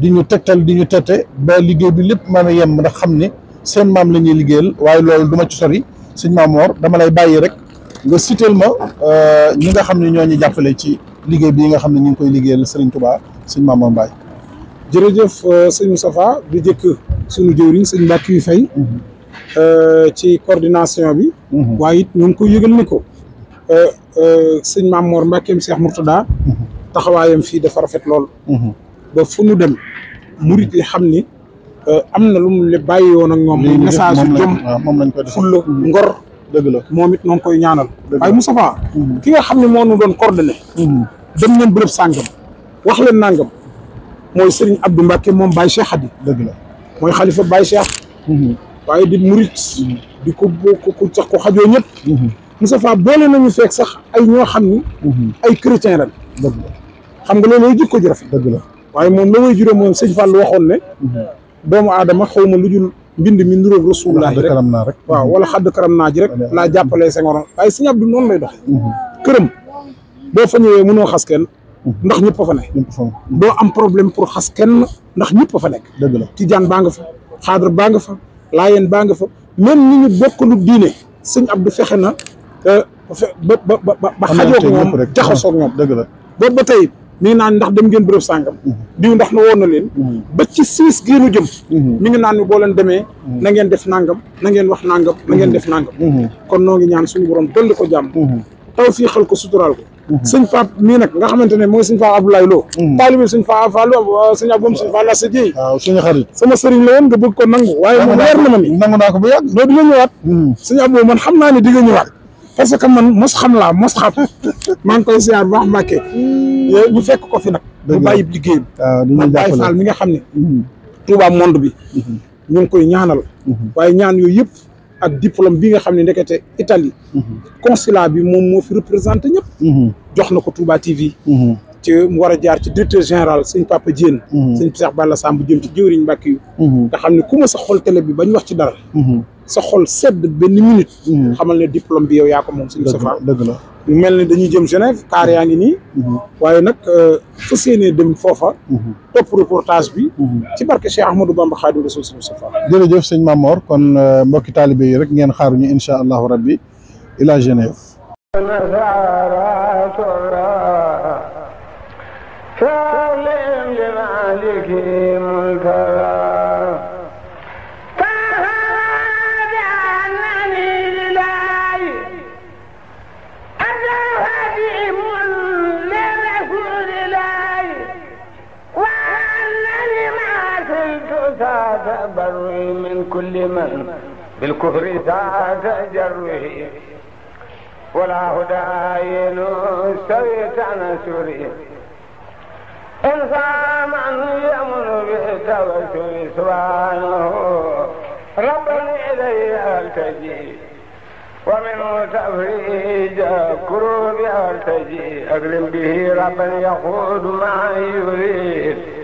di ñu tegtal di ñu tette ba liggéey bi lépp ma a yem ndax xam ne seen maam la ñuy liggéeyal waaye loolu duma ci sori suñ maam Mor dama lay bàyyi rek nga siteel ma euh, ñi nga xam ne ñoo ñu jàppale ci liggéey bi nga xam ne ñu ngi koy liggéeyal Serigne tubaa suñ maam Mor jërëjëf euh, sëñ Moustapha di jëkk suñu jëwriñ sëñ Mbackiou Faye euh, ci coordination bi mhm. waaye it ñoom ngi ko yëgal ni ko euh, sëñ Maam Mor Mbackeem Cheikh Mourtada mhm. taxawaayam fii dafa rafet lool mhm. ba fu nu dem murit yi xam ni am na lu mu le bàyyi woon ak ñoom muy message yu jom fulla ngor dëgg la moom it noo koy ñaanal waaye Moustapha ki nga xam ne moo nu doon coordonné dem leen bërëb sàngam wax leen nàngam mooy Serigne Abdou Mbacke moom Baye Cheikh Hadi. dëgg la mooy xalifa Baye Cheikh. Mm-hmm. waaye di murit. Mm-hmm. di ko ko sax ko xajoo ñëpp. Mm-hmm. Moustapha boole nañu fekk sax ay ñoo xam ni. ay chrétien ren. dëgg xam nga loolu jikko ju rafet. dëgg la waaye moom la way juree moom sëñ Fall waxoon ne. doomu aadama xaw ma lu jul mbind mi nuróog rasulullaahi rek waaw wala xadd karam naa ji rek laa jàppalee Senghor waaye sëñ Abdou noonu lay dox këram boo fa ñëwee mënoo xas Mhm. ndax ñëpp a fa ne mhm. doo am problème pour xas kenn ndax ñëpp fa nekk dëgg la tijaan baa nga fa xaadar baa nga fa laayeen baa nga fa même ñi ñu bokkalu diine ab Abdou fexe na euh, ba ba ba ba xajoo ñoom jaxasoo ak ñoom dëgg la boobu ba tey mi ngi naan ndax dem ngeen bërëb sàngam mhm. diw ndax na woon na leen ba ci siis géenu jëm mi nga naan ni boo leen demee na ngeen def nangam na ngeen wax nangam na ngeen def nangam kon noo gi ñaan suñu borom dolli ko jàmm tawfiixal ko suturaal ko mhm. sëñ fa mii nag nga xamante ne mooy sëñ Pape Abdoulaye Lo mhm. taalibi sëñ Pape Fallou euh, sëñ Aboum waaw xarit sama sëriñ la woon nga bëgg ko nangu waaye moom leer na ma ni nangu naa ko bu yàgg doo di nga ñëwaat mhm. sëñ Abou man xam naa ne di nga ñëwaat parce que man mos xam laa mos xam maa ngi koy ziar bu ñu fekk ko fi bu mi nga xam Touba monde bi ñu ngi koy ñaanal waaye ñaan ak diplôme bi nga xam ne ndekete Italie consulat bi mom mo fi représenter ñep jox na ko Touba TV ci mu wara jaar ci directeur général sëñ Papa Diène sëñ Cheikh Balla Samb jëm ci jëwriñ Mbacke yu nga xam kuma sa xol télé bi bañ wax ci dara sa xol sedd ben minute xamal ne diplôme bi yow ya ko mom sëñ Safa dëgg la mu mel ni dañuy jëm Genève kaar yaa ngi nii waaye nag fa séenee dem foofa topp reportage bi ci barke Cheikh Ahmadou Bamba Khadim Rasoul sa sa jërëjëf sëñ Mamor kon mbokki taalibe yi rek ngeen xaaruñu insha allahu rabbi ila Genève فعلم لمالك ملكا ذا تبروي من كل من بالكفر ذا تجروي ولا هدى سويت عن سوري إنسان يمن بالتوسل سبحانه ربني إلي ألتجي ومنه تفريج كروب أرتجي أكرم به ربا يقود ما يريد